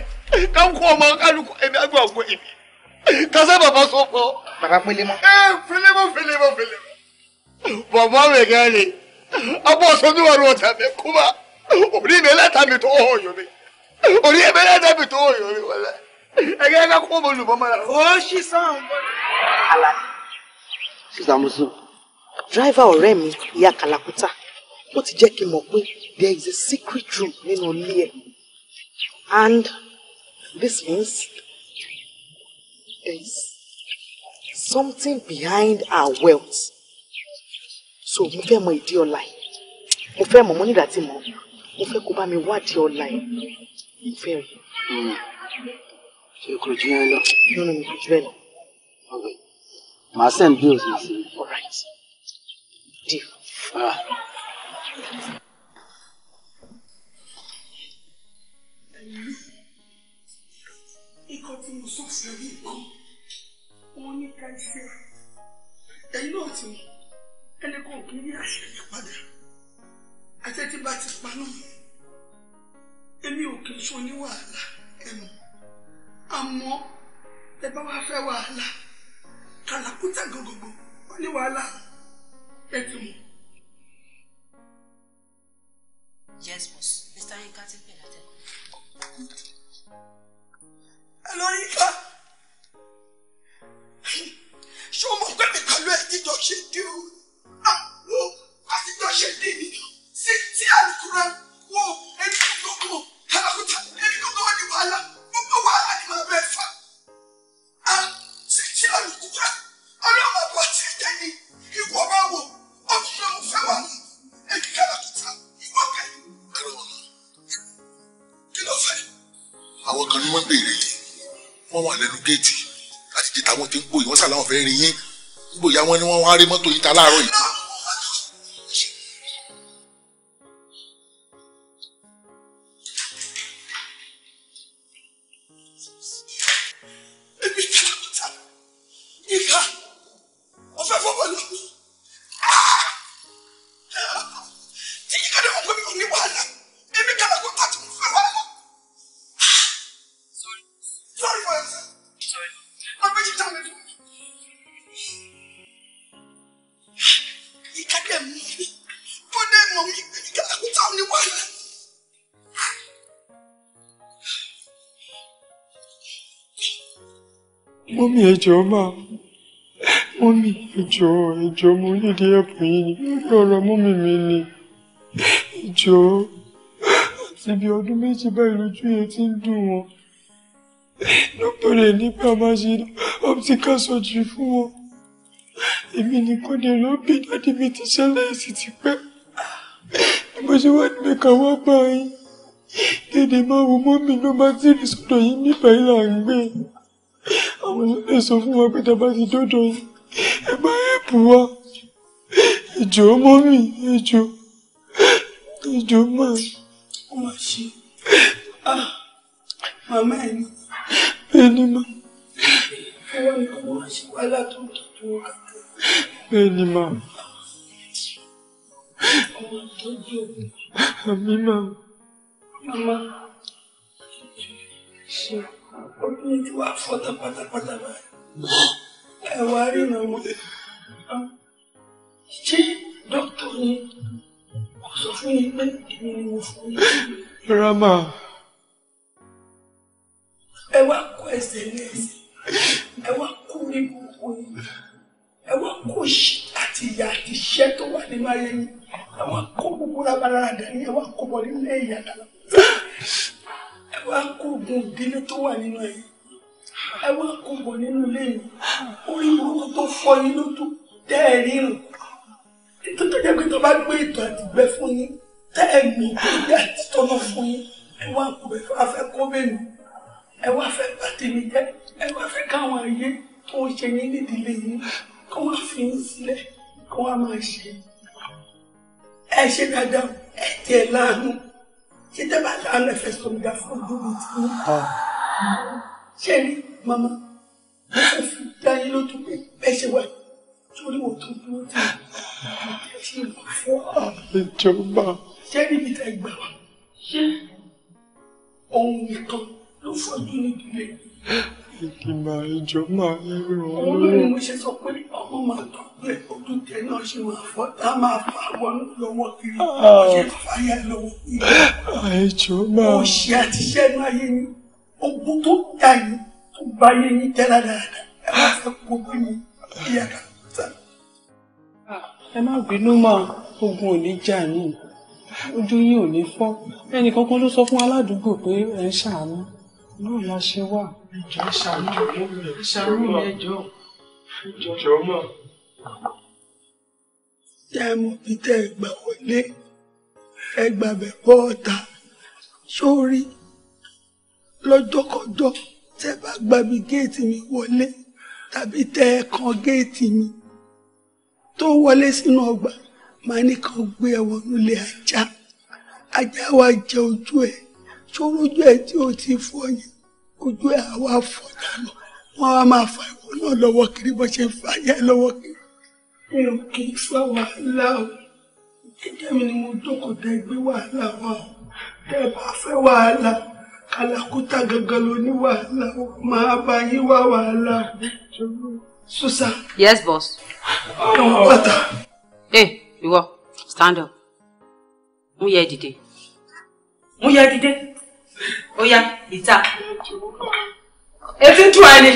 ká kó ọmọ kálukú ẹ̀mí àgbà ọ̀gbọ́n ẹ̀mí kásá bàbá sọ fún ọ. bàbá pélé mọ. ẹ fílẹ̀ mọ fílẹ̀ mọ fílẹ̀ mọ. Mama mai gane, abuwa sanuwar wata mai kuma, ori mai lata mai toho yomi, ori mai lata mai toho yomi wala. Ẹgẹ́ ẹgẹ́ kó mo lùbọ́ mọ́ra. Ó ṣì sàn. Àlàní. Sísá Musu, dráìvà ọ̀rẹ́ mi, ìyá Kàlàkútà, ó ti jẹ́ kí n mọ̀ pé there is a secret room nínú ilé ẹ̀. And this means there is something behind our wealth so mo fẹ́ mọ ìdí ọlá yìí mo fẹ́ mọ̀ mo nígbà tí mo mo fẹ́ kó bá mi wádìí ọlá yìí mo fẹ́ rí. Hmm. ṣé kò jù yẹn lọ. yóò rìn kò jù bẹ́ẹ̀ lọ. màá send bills mi all right deal. Ah. tí mo sọ fún ẹ ní nǹkan wọn ní ká ṣe ẹ̀yin náà ti mọ̀ ẹnì kan kì í yí àṣírí padà àti ẹtí bá ti paná èmi ò kì í so ní wàhálà ẹnu àmọ́ ẹ bá wá fẹ́ wàhálà kàlàkùtà gògògò ó ní wàhálà ẹ ti mọ̀. yes boss mr yinka ti pè látẹkọ. ẹ lọ yinka ṣé o mọ̀ pé mi kàlú ẹ jíjọ ṣe dé o ṣe dé ni sí tí àlùkùrá wọ ẹni tó gbogbo àlàkùtà ẹni tó gbogbo ní wàhálà gbogbo wàhálà ni màá bẹ́ẹ̀ fà á sí tí àlùkùrá ọlọ́wọ́ bọ̀ tí ì dẹ́ni ìwọ máa wò ọkùnrin ọ̀hún fẹ́ wà ní ẹni kàlàkùtà ìwọ kẹ́yìn kúrò wọn. kí ló fẹ́. àwọn kan ní wọ́n béèrè láti jẹ́ táwọn ti ń pò yìí wọ́n fẹ́ rin yín nígbòyà wọn ni wọ́n wá rí mọ́tò yìí ta láàárọ̀ yìí. ẹjọ́ máa wọ́n mi ẹjọ́ ẹjọ́ mo nídìí ẹ̀bùn yìí ni lórí ọ̀rọ̀ mọ́mì mi ni ẹjọ́ àti bí ọdún méjì báyìí lójú yẹn ti ń dùn wọn lọ́pẹ̀rẹ̀ nípa máa ṣe optical surgery fún wọn èmi nìkan ni ló bí dáàdì mi ti ṣẹlẹ̀ èsì ti pẹ́ bó ṣe wá níbi kan wá bá yín dédé máa wo mọ́mì ló bá tí rí sọ́dọ̀ yín níbàyí là ń gbé yín àwọn ilé sọ fún wa pé tàbá ti dọ́dọ̀ yìí ẹ bá ẹ̀bù wa ẹjọ́ mọ́mì ẹjọ́ ẹjọ́ máa. ó mà ṣe ah, màmá ẹ ní. bẹ́ẹ̀ni ma. ọwọ́ ni kò máa ṣe wàhálà tó ń tọ́jú wọn kankan. bẹ́ẹ̀ni ma. ọmọ ìtọ́jú òun. àmì ma. màmá ṣe ojú ojú wa fọ́ tán pátápátá báyìí ẹ wá ni kò sọ fún yín rama. ẹ wá kó ẹsẹ̀ ní ẹsẹ̀ ẹ wá kó ní gbogbo yín ẹ wá kó àti ìyá àti iṣẹ́ tó wà nínú ayé yín ẹ wá kó gbogbo rabarada yín ẹ wá kó bọ̀ nínú ẹ̀yà dáadáa wá ń kó oògùn ìdílé tó wà nínú ẹ̀yìn ẹ wá ń kó bọ̀ nínú ilé mi orí burúkú tó fọ yín ló tó tẹ́ ẹ rírun tó tó jẹ́ pé tó bá gbé ìtọ̀ àti gbẹ fún yín tẹ́ ẹ mì ìgbé àti tọ́nà fún yín ẹ wá ń kó bẹ́ẹ̀ fún afẹ́ kó bẹ́ẹ̀ mi ẹ wá fẹ́ bá tèmi jẹ́ ẹ wá fẹ́ káwọn ayé tó ń ṣe yín nídìílé yín kó wá fi yín sílẹ̀ kó wá máa ṣe ẹ ṣe dáadáa ẹ tiẹ̀ láàánú tí tẹ́bà lálẹ́ fẹ́ sọ mi dá fún dúró tí mo ṣe rí mama mo fi dá yín lójú pé bẹ́ẹ̀ ṣe wà torí mo tún dúró tí mo ṣe lọ fún ọ. ìjọba. ṣé níbi tá ẹ gbà wá ṣé ìgbìmọ̀ ìjọba ẹ̀rọ ọmọ mo ah. ah, tó dà tó bá yé mi jẹ́ dáadáa ẹ fẹ́ kó ah, máa ogun ò ní jà yín ojú yín ò ní fọ́ ẹnì kankan ló sọ fún aládùúgbò pé ẹ ń ṣàánú inú la ṣe wà ẹjọ́ ìṣàánú ìṣàánú mi ẹjọ́. ìjọ mọ. tẹ́ ẹ mú bí tẹ́ ẹ wọlé ẹ gbàbẹ̀ bọ́ ọ̀tá sórí lọ́jọ́kọjọ́ tẹ́ bá gbàbí géètì mi wọlé tàbí tẹ́ ẹ kan géètì mi tó wọlé sínú ọgbà màá ní kan gbé ẹwọ̀n nílé ajá ajá wa jẹ ojú ẹ̀ ṣòrojú ẹ tí o ti fọ yẹn ojú ẹ àwa fọ dànù wọn á máa fa ìwọ náà lọ́wọ́ kiri bó ṣe fa yẹ lọ́wọ́ kiri mi ò kì í fa wàhálà o jíjẹ mi ni mo jókòó tẹ gbé wàhálà wa o tẹ bá fẹ́ wàhálà kàlàkùtà gangan ló ní wàhálà o máa bá yí wá wàhálà o. Susan. Yes, boss. ọ̀rọ̀ bàtà. ẹ eh, ìwọ stand up mú yẹ dìde. mú yẹ dìde ó yá ìta etí tú ẹni.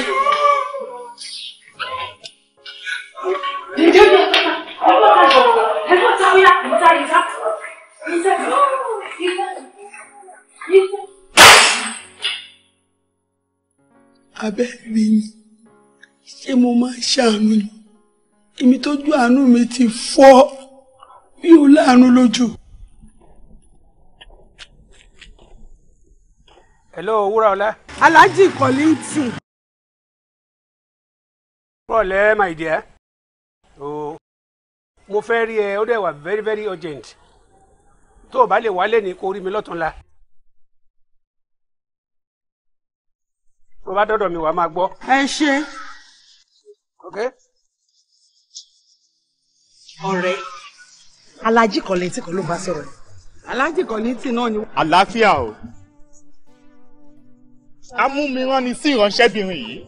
abẹ́ mi ni ṣé mo máa ṣàánú ni èmi tójú àánú mi ti fọ́ mi ò láàánú lójú. hello wúrọ̀lẹ́. alhaji kọ́lìntì. wúrọ̀lẹ́ my dear o mo fẹ́ rí ẹ ó dẹ̀ wà very very urgent tó o bá lè wálé ní kó rí mi lọ́túnla. tó o bá dọ́dọ̀ mi wà máa gbọ́. e ṣe. okay. ọ̀rẹ́ alhaji kọ́lìntì kan ló bá sọ̀rọ̀ alhaji kọ́lìntì náà ni. àlàáfíà o. amúmirán ni sí ìránṣẹ́bìnrin yìí.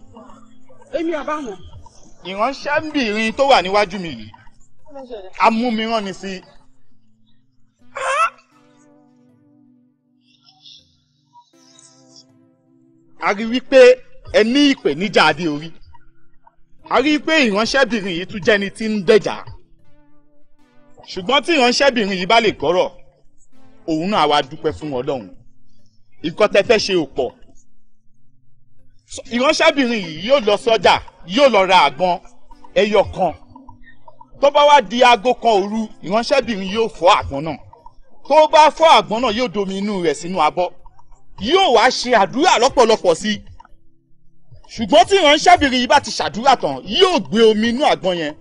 èmi àbáwọn. ìránṣẹ́bìnrin tó wà níwájú mi yìí amúmirán ni sí. a rí wípé ẹ ní ìpèníjà adé orí a rí pé ìránṣẹ́bìnrin yìí tún jẹ́ni tí ń dẹ̀jà ṣùgbọ́n tí ìránṣẹ́bìnrin yìí bá lè gbọ́rọ̀ òun náà wá dúpẹ́ fún Ọlọ́run nǹkan ṣe ò ìránṣẹ́bìnrin yìí yóò lọ sọ́jà yóò lọ ra àgbọn ẹyọ kan tó bá wá di aago kan òru ìránṣẹ́bìnrin yóò fọ́ àgbọn náà tó bá fọ́ àgbọn náà yóò domi inú rẹ̀ sínú abọ́ yóò wá ṣe àdúrà lọ́pọ̀lọpọ̀ sí i ṣùgbọ́n tí ìránṣẹ́bìnrin yìí bá ti ṣàdúrà tán yóò gbé omi inú àgbọn yẹn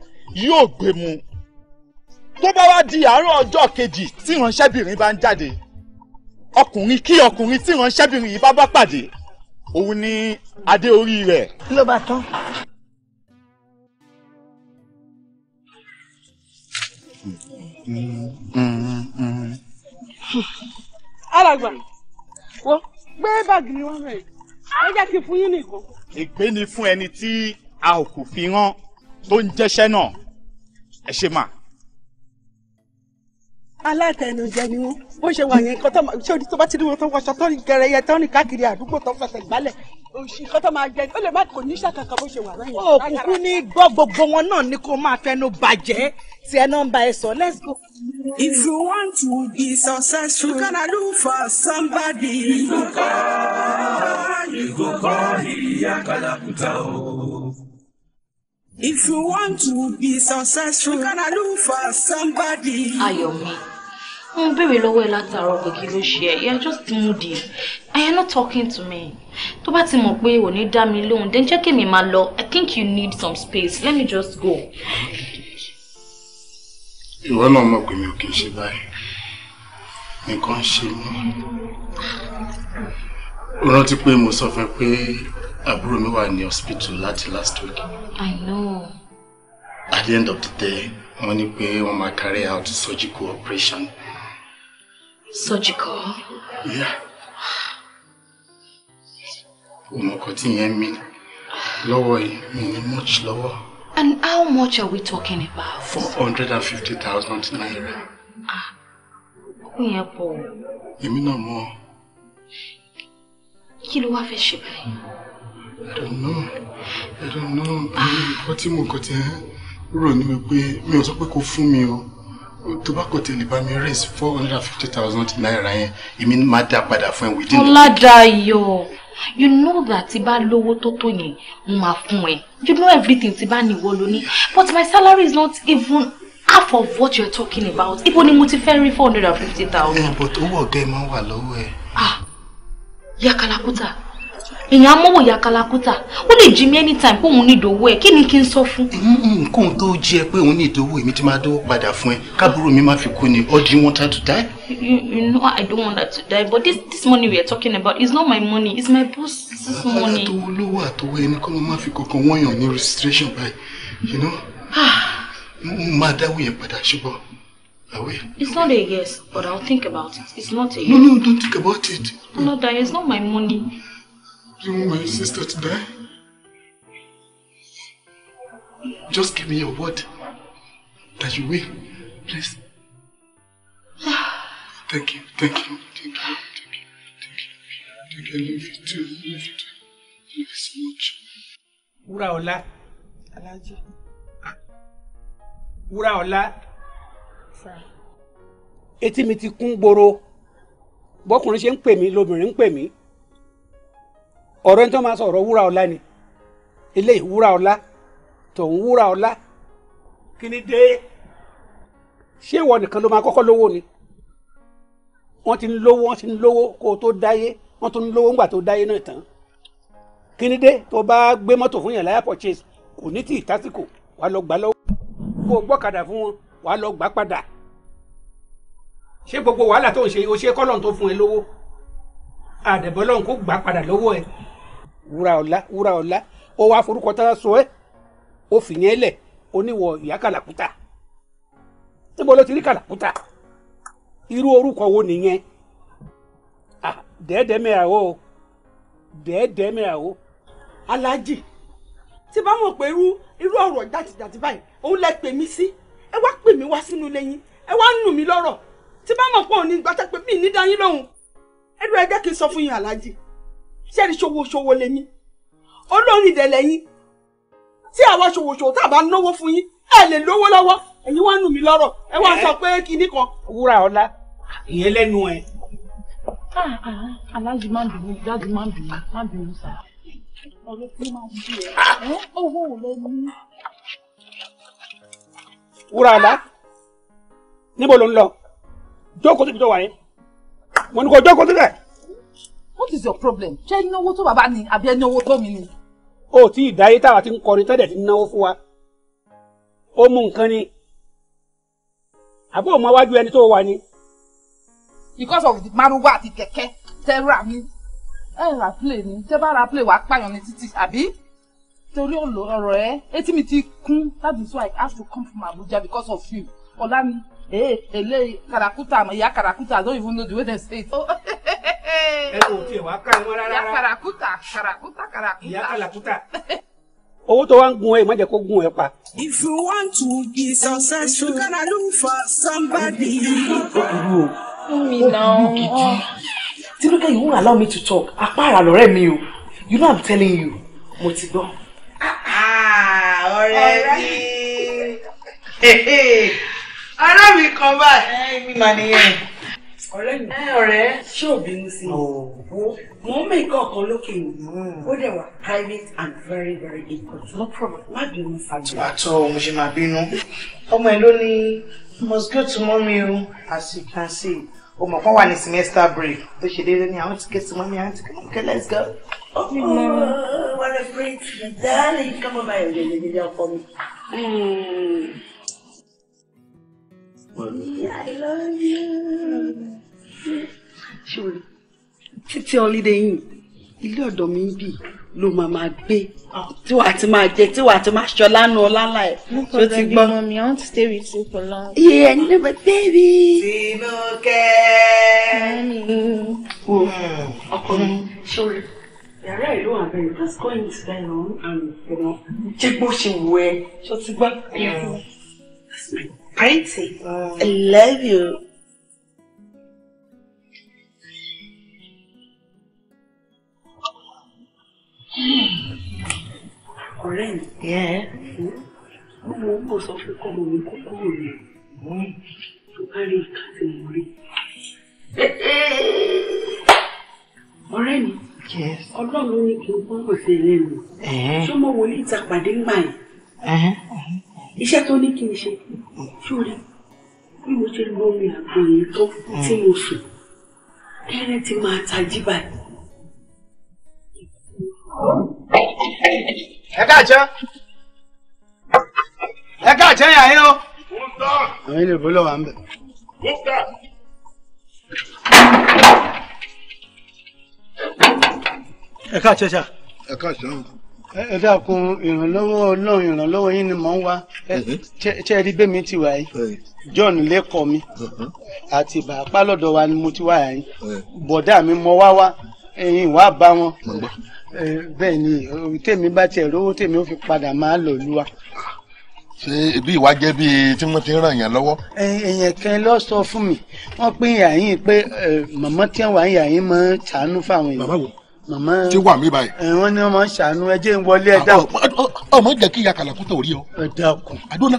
yóò gbé mu tó bá wá di àárọ̀ ọjọ́ kejì tí ìránṣẹ́bìnrin bá ń jáde ọkùnrin kí ọkùnrin tí ìránṣẹ́bìnrin yìí bá bá pàdé òun ni adé orí rẹ̀. ló bá tán. alàgbà wo gbé báàgì mi wá rẹ̀ ẹ jẹ́ kí n fún yín nìkan. ègbé ni fún ẹni tí a ò kò fi rán tó ń jẹ́ṣẹ́ náà ẹ ṣe máa alátẹnujẹ ni wọn bó ṣe wà yẹn kọtọ ṣé o ní tó bá ti ní tó wọṣọ tó ní gẹrẹ yẹ tó ní káàkiri àdúgbò tó fẹsẹ̀ gbálẹ̀ òṣì kọtọ máa jẹ ó lè má kò ní ṣàkàkà bó ṣe wà lẹ́yìn. òkùnkùn ní gbọ́ gbogbo wọn náà ni kó máa fẹnu bàjẹ́ tí ẹ náà ń ba ẹ sọ let's go. if you want to be successful you gotta look for somebody. you go call you ìyá kalakuta o. If you want to be successful, you gotta look for somebody. Ayọ̀mi mo béèrè lọ́wọ́ ẹ látàárọ̀ pé kí ló ṣe you are just moody and you not talking to me To bá ti mọ̀ pé ò ní dá mi lóhùn then check kí èmi máa lọ i think you need some space let me just go. ìwọ náà mọ̀ pé mi ò kì í ṣe báyìí nǹkan ṣe mí ó rántí pé mo sọ fún ẹ pé mi wà ní hospital láti last week. i know. at the end of the day wọ́n ní pé wọ́n máa carry out surgical operation. Surgical? Yeah. Òmùkọ̀ tí yẹn mi lọ́wọ́ yìí much lower. And how much are we talking about? Four hundred and fifty thousand naira. Ah, ó yẹn pọ̀. Èmi náà mọ̀. Kí ló I don't know. I don't know. Nǹkan tí mo kàn ti rò ní wípé mi ò sọ pé kò fún mi o tobacco tí o bá mi raise four hundred and fifty thousand naira yẹn èmi máa dá padà fún ẹ within. ọ̀làdàyọ̀ you know that tí bá lówó tó tó yẹn mo máa fún ẹ you know everything tí bá ní ìwọ lóní but my salary is not even half of what you are talking about ibo ni mo ti fẹ́ rí four hundred and fifty thousand. Eh, but owó ọ̀gá ẹ máa ń wà lọ́wọ́ ẹ. ah yakalakuta. Yeah, èèyàn amówó ìyá kalakuta ó lè jí mi anytime pé òun ní ìdòwò ẹ kí ni kí n sọ fún. nǹkan tó jẹ pé òun ní ìdòwò èmi ti máa dówó padà fún ẹ kábúrò mi máa fi kú ni or do you want her to die. you, you know i don't want her to die but this this money we are talking about is not my money it's my boss's money. àbára tó olówó àtọwọ ẹni kọ́ ló máa fi kankan wọ́n yàn ní registration báyìí you know ah. máa dáwó yẹn padà ṣùgbọ́n. Away. It's not a yes, but I'll think about it. It's not a yes. No, no, don't think about it. No, that is not my money. You want my sister to die? Just give me your word that you will, please. Thank you, thank you, thank you, thank you, thank you, thank you. I love you too, I love you too. I love you so much. Wuraola. Alaji. Wuraola. Sir. Etí mi ti kún gboro. Bọ́kùnrin ṣe ń pè mí lobìnrin ń ọ̀rọ̀ ẹni tó máa sọ ọ̀rọ̀ wúrà ọlá ni ilé ìwúrà ọlá tòun wúrà ọlá kí ni dé ṣé ìwọ nìkan ló máa kọ́kọ́ lówó ni wọ́n ti ń lówó wọ́n ti ń lówó kó o tó dáyé wọ́n tún ń lówó ńgbà tó dáyé náà tán kí ni dé tó bá gbé mọ́tò fún yàn láyà purchase kò ní tí ì tásìkò wàá lọ gbà lọ́wọ́ kó o gbọ́kadà fún wọn wàá lọ gbà padà ṣé gbogbo wàhálà tó ń ṣe o ṣe kọ́lọ́n tó fún ẹ lówó àdẹ̀bọ́lọ́n kó gbà padà lọ́wọ́ ẹ wúrà ọ̀la wúrà ọ̀la ó wá forúkọ tá a sọ ẹ́ ó fìyẹn lẹ̀ oníwọ̀ ìyá kàlàkùtà níbo ló ti rí kàlàkùtà irú orúkọ wo nìyẹn dẹ́ẹ̀dẹ́mẹ́yàwó dẹ́ẹ̀dẹ́mẹ́yàwó aláàjì tí bá mọ̀ pé irú irú ọ̀rọ̀ jàtìjàtì báyìí òun lẹ pè mí sí ẹ wá pè mí wá sínú ilé yín ẹ wá nù mí lọ́rọ̀ tí bá mọ̀ pé òun ní gbàtẹ́ pé mí ní dá yín lóhùn ẹ dúró ẹ jẹ́ kí n sọ fún yín aláàjì ṣé rí ṣòwòṣòwò lèmi olórí ìdẹ̀ lẹ́yìn tí àwa ṣòwòṣòwò tá a bá náwó fún yín ẹ lè lówó lọ́wọ́ ẹ̀yin wá nù mí lọ́rọ̀ ẹ wá sọ pé kinní kan. wúrà ọlá ìyẹn lẹ́nu ẹ. Ah, ah, aláàjì má bínú jáde má bínú má bínú sá ọ̀rọ̀ pé má bínú ah! ẹ owó ò lẹ ní. wúrà ọlá níbo ló ń lọ jókòó síbi tó wà mo ní kó jókòó síbẹ̀ what is your problem ṣé ẹni owó tó bàbá ni àbí ẹni owó tó mi ni. o tí ìdáyé táwa ti ń kọrin tẹ́lẹ̀ ti ń náwó fún wa ó mú nǹkan ni àbí òun wájú ẹni tó wà ni. because of the maruwa àti kẹ̀kẹ́ tẹ́ra mi ẹ ra play ni tẹ́ bá ra play wàá pààyàn ní títì àbí torí ọ̀rọ̀ ẹ etí mi ti kún that is why I have to come from Abuja because of you ọ̀la mi èlé eh, kàràkùtà àmọ̀ ìyá kàràkùtà I don't even know the way they say it. [laughs] [laughs] owó tó wá ń gun ẹ má jẹ́ kó gun ẹ pa. if you want to be successful you gonna look for somebody. mi náà. Tinuke you won't allow me to talk apára lọ́rẹ́ mi o you know I'm telling you mo ti gbọ́. Ah, ah, ọ̀rẹ́ mi ọ̀rẹ́ mi kan báyìí. ẹ mi mà nìyẹn ọ̀rẹ́ mi ọ̀rẹ́ ṣé ò bínú sí mi mo ń mè kọ̀ọ̀kan lókè mi hmm. ó dẹ̀ wà private and very very important no problem má bínú fàájì. àtọ òun ṣe máa bínú ọmọ ẹ ló ní must go to mommy o as you can see o mọ̀ pọ́n wà ní semester break tó ṣe déédéé ní àwọn tíkẹ́tì mọ́mí àwọn tíkẹ́tì okay let's go. Oh, oh, what a great darling. Come on, my dear, for me. Mm. Well, I love you ṣòrí títí ọlídé yìí ilé ọ̀dọ̀ mi ń bì ló máa máa gbé tí wàá ti máa jẹ tí wàá ti máa ṣọ lánàá ọlá láì tó ti gbọ́. mo mi i want to stay with you for long. yeah i never baby. tinúkẹ́. wo ọkọ mi ṣòrí yàrá ìlú àbẹ yìí just go in today na one and you know hmm. jẹ bó ṣe wù ẹ ṣó ti gbọ́. Hmm. that's my pretty. Mm. i love you. ọ̀rẹ́ mi gbogbo owó sọ fún kọ́mọ mi kó kúrò ní tó bá rí ìka tí mo rí. ọ̀rẹ́ mi ọlọ́run ní kí n gbọ́rọ̀ sí ẹlẹ́nu eh. ṣé mo wòlíì ta pàdé ńgbà yẹn eh. iṣẹ́ tó ní kí n ṣe sórí bí mo ṣe lómi àgbo yìí tó tí mo sùn kẹ́rẹ́ ti máa tají báyìí ẹ káàjẹ́ ẹ káàjẹ́ yà yín o. àwọn ilé ìbò lọ́wọ́ à ń bẹ̀. ẹ káàjẹ́ sà. ẹ káàjẹ́ o. ẹ dákun ìrànlọ́wọ́ ọlọ́run ìrànlọ́wọ́ yín ni mò ń wá mm-hmm. ṣé ẹ rí bẹ́mi ti wà yìí John lẹ́kọ̀ọ́ mi mm-hmm. àti bàápàá lọ́dọ̀ wa ni mo ti wà yìí bọ̀dá mi mọ wá wá ẹ̀yìn wá bá wọn bẹ́ẹ̀ ni tèmi bá tiẹ̀ rówó tèmi ó fi padà máa lò lúwa. ṣé bí ìwà jẹ́ bíi tí wọ́n ti ń ràn yàn lọ́wọ́. èèyàn kan lọ sọ fún mi wọ́n pín yàyín pé màmá tí wàá yàyín máa ń ṣàánú fáwọn èèyàn. màmá wo màmá tí wà mí báyìí. wọ́n ní wọ́n máa ń ṣàánú ẹ jẹ́ ń wọlé ẹ dákun. ọmọ jẹ́ kí ìyá kàlàkùtà ò rí ọ. ẹ dákun. àdóná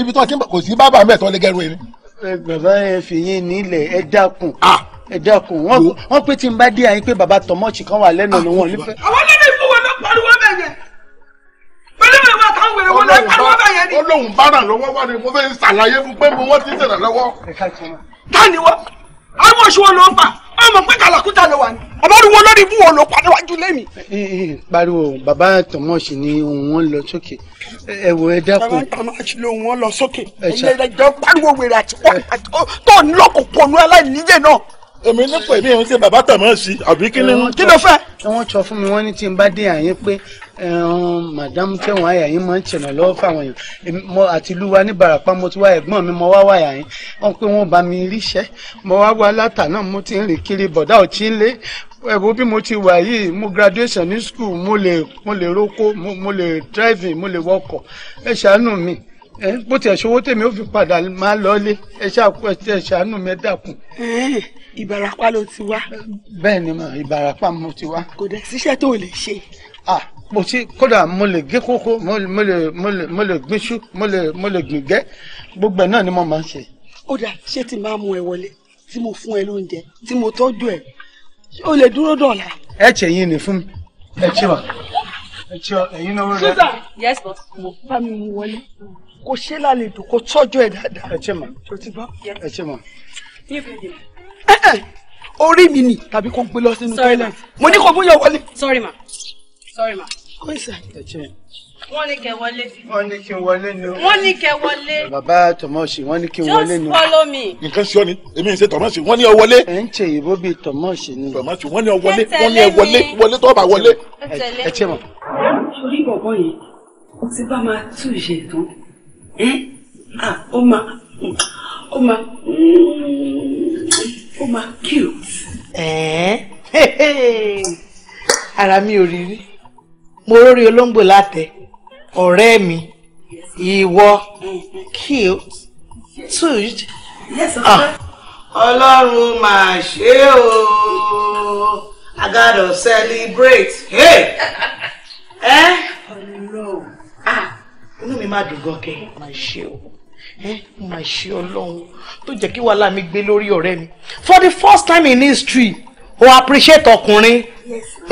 ibi tó wà tí kò sí bábà mẹ́tọ́ lẹ́gẹ́rú ẹni. bàbá ẹ fìyín nílẹ̀ ẹ dákun. ah ẹ dákun wọn pé tí n bá dé àyín pé bàbá tọmọọchì kan wà lẹ́nu ni wọn nífẹ̀ẹ́. àwọn ọlọ́dẹ ìfowó náà pariwo bẹ́ẹ̀ yẹn pẹ̀lú mi wà ká wẹ̀rẹ̀ wọn náà pariwo bẹ́ẹ̀ yẹn ni. olóhùn bára lọ́wọ́ wá ni mo fẹ́ ṣàlàyé fún pé mo wọ́n ti tẹ̀lé lọ́wọ́. táni wọ àwọn oṣù wọn ló ń pa ọmọ pé kàlàkùtà ló wà ní àbáruwo lórí ibú wọn ló pa níwájú lẹ́mìí. pariwo bàbá tọmọọsì ni òun wọn lọ sókè ẹ wò ẹ dákun. bàbá tọmọọsì ni òun wọn lọ sókè ẹ jẹ pariwo wèrè àti wọn tó ń lọkùnkùn ọ̀nù aláìníjẹ náà èmi ní pè mí ò ń ṣe bàbá tàmọ́ sí àbí kí ni kí ló fẹ́. wọ́n sọ fún mi wọ́n ní tí n bá dé àyín pé màdámù tẹ̀wọ̀n àyà yín máa ń ṣẹ̀nà lọ́wọ́ fáwọn èèyàn mo àti lúwa ní barapa mo ti wá ẹ̀gbọ́n mi mo wá wà yà yín wọ́n pé wọ́n bá mi ríṣẹ́ mo wá wá látà mo ti ń rìn kiri bọ̀dá òtí ń lé ẹ̀bùn bí mo ti wà yìí mo graduation ní school mo lè mo lè roko mo lè driving mo lè wọkọ̀ ẹ ṣàánú mi bó tiẹ̀ ṣòwò tèmi ó fi padà máa lọ́ọ́lé ẹ ṣàánú mi ẹ dákun ìbàràpá ló ti wá. bẹ́ẹ̀ ni mo ìbàràpá mo ti wá. kò dẹ̀ síṣẹ́ tó lè ṣe. ah mo ti kódà mo lè gé kókó mo lè mo lè mo lè gbin mo lè mo lè gbin gẹ́ gbogbo ẹ̀ náà ni mo máa ń ṣe. ó dà ṣé tí máa mú ẹ wọlé tí mo fún ẹ lóúnjẹ tí mo tọ́jú ẹ o lè dúró dọ̀la. ẹ ṣe yín ni fún mi ẹ ṣe wa ẹ ṣe ẹyin náà wọlé. sísà yes boss mo bá mi mú wọlé kò ṣe lálejò kò tọ́jú ẹ dáadáa. ẹ ṣe mọ ẹ ṣe mọ. Eh, eh, orí mi ni tàbí kó gbé lọ sínú toilet mo ní kó mú yẹ wọlé. sorry ma sorry ma. kó ìsà ẹ̀jẹ̀. wọ́n ní kẹ́ wọlé. wọ́n ní kí n wọlé ni wọ́n ní kẹ́ wọlé. bàbá tọmọ́ọ̀sì wọ́n ní kí n wọlé ni just follow me. nǹkan sí ni èmi ń ṣe tọmọ́ọ̀sì wọ́n ní ọ wọlé. ẹ ń ṣe ìbò bíi tọmọ́ọ̀sì ni. tọmọ́ọ̀sì wọ́n ní ọ wọlé wọ́n ní ẹ wọlé wọlé tó bá wọlé. ẹ tiẹ̀ mọ̀. sori bọ̀bọ̀ Oma, oma mm, cute. máa cute. Eh? [laughs] ara mi ò rí rí mo rórí olóńgbò látẹ ọ̀rẹ́ mi ìwọ cute cute. Ah. ọlọ́run máa ṣe o I gotta celebrate. Hey! ẹ [laughs] eh? ọlọ́run ah. inú mi máa dùn gan kẹ́ máa ṣe o ẹ má ṣe ọlọ́run tó jẹ́ kí wàhálà mi gbé lórí ọ̀rẹ́ mi for the first time in history o appreciate ọkùnrin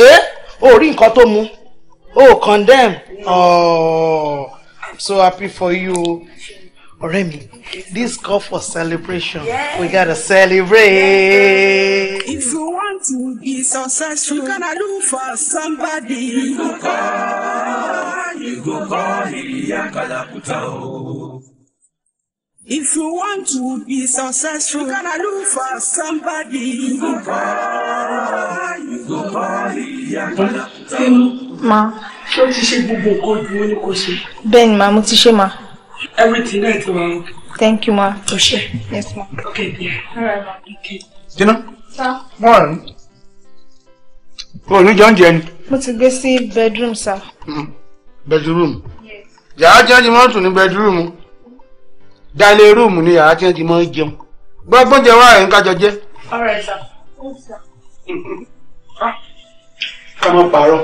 ẹ eh? o rí nǹkan tó mu o condemn oh I'm so happy for you ọ̀rẹ́ mi this call for celebration we gotta celebrate. if you want to be successful you gonna look for somebody. you go call you go call ìyá kalakuta If you want to be successful, you gotta look for somebody. go call, go call, you Ma. Ṣé o ti ṣe gbogbo nǹkan ojú ó ní kò ṣe? Bẹ́ẹ̀ni ma, mo ti ṣe ma. Everything náà ti wà Thank you ma. O ṣe. Yes ma. Okay dear. All right ma. Okay. Jina. Sir. Wọ́n. O ní jọ oúnjẹ ni. Mo ti gbé sí bedroom sir. Hmm. Bedroom. Yes. Yàrá jẹ́ jimọ́tò ní bedroom dalẹ̀ rúùmù ni yàrá tí wọ́n ti máa jẹun gbọ́gbọ́n jẹ wá rẹ̀ ń kájọ jẹ́. alright sir. ká máa pààrọ̀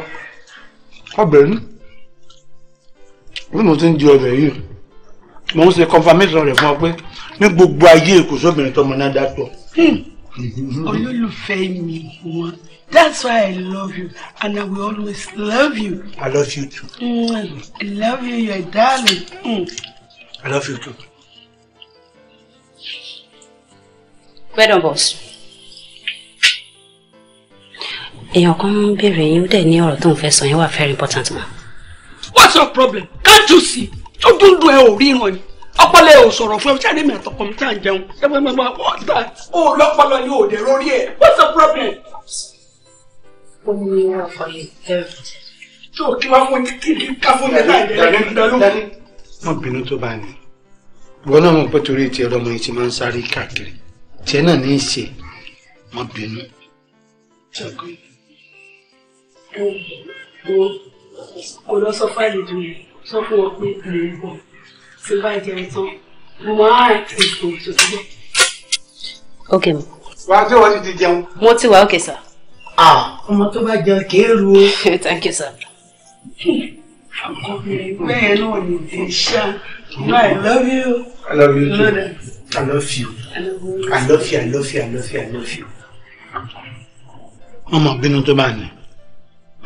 ọbẹ̀ ní bí mo ti ń di ọbẹ̀ yìí mo ń ṣe confirmation rẹ̀ fún ọ pé ní gbogbo ayé kò sóbìnrin tó mọ náà dá tó. Hmm. olólùfẹ́ mi wọn that's why i love you and i will always love you. i love you too. Mm, i love you your darling. Mm. i love you too. Well done, boss. Èèyàn kan ń béèrè yín ó dẹ̀ ní ọ̀rọ̀ tó ń fẹ́ sọ yẹn wà very important ma. What's your problem? Can't you see? Tó dúndùn ẹ ò ríran ni. Ọpọlọ ẹ ò sọ̀rọ̀ fún ẹ, ṣáà ní mi àtọkọ mi tá à ń jẹun. Ṣé mo máa wọ́n ta? O lọ́pọlọ ni òde lórí ẹ̀. What's your problem? Ó ní ọkọ yìí very important. Ṣé o kí wá fún mi kí n ká fún mi láì dẹ́rẹ́ dẹ́rẹ́? Wọ́n bínú tó bá ní. Ìwọ náà mọ̀ pé torí ti ọlọ́mọ yìí ti máa ń sáré káàkiri tiẹ̀ náà ní í ṣe mọ́ bínú. kò lọ sọ fáìlì tó yẹ sọ fún wọn pé mò ń bọ̀ tí bá jẹun tán mo máa ètò ìṣòtúbọ̀. ok mo. wàá tí wọ́n ti ti jẹun. mo ti wà ókè sà. ọmọ tó bá jẹun kì í ru o. [laughs] thank you sir. bẹ́ẹ̀ náà ní ìdí I love you. I love you too. I love you. I love you. I love you. I love you. I love you. Wọ́n mọ̀ bínú tó bá ní.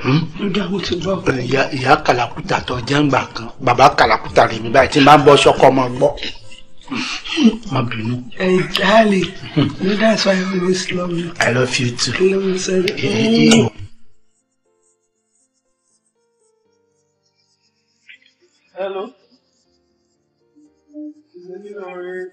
Hmm? Eh, ìyá kàlàkùtà tó jẹ́ǹgbà kan, bàbá kàlàkùtà rèmi báyìí tí n bá ń bọ́ sọ́kọ́ ọmọ gbọ́. Hmm. Má bínú. Hey, eh, darling, hmm. you that's why I always love you. I love you too. I love you so eh, Hello. Is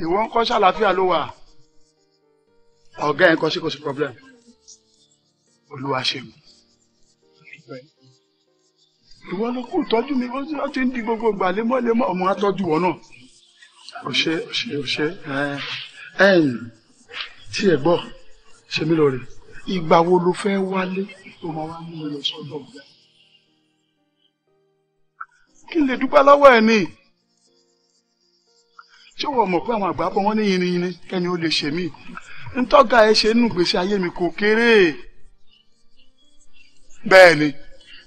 ìwọ ń kọ́ ṣàlàáfíà ló wà ọ̀gá ẹ̀ kọ́ sí kò sí problem olúwa ṣeun ìwọ ló kó tọ́jú mi ó ti ń di gbogbo ìgbà lemọ́lemọ́ ọmọ atọ́jú wọn náà ó ṣe ó ṣe ó ṣe ẹ̀ẹ́n tí ẹ gbọ́ ṣe mí lóore ìgbà wo ló fẹ́ wálé tó máa wá mú mi lọ sọ́dọ̀ ọ̀gá kí n lè dúpẹ́ lọ́wọ́ ẹ̀ ni ṣé wọ́n mọ̀ pé àwọn àgbà bọ̀ wọ́n ní yinriyinri kẹ́ni ó lè ṣe mí ntọ́ga ẹ ṣe nínú ìgbésí ayé mi kò kéré bẹ́ẹ̀ ni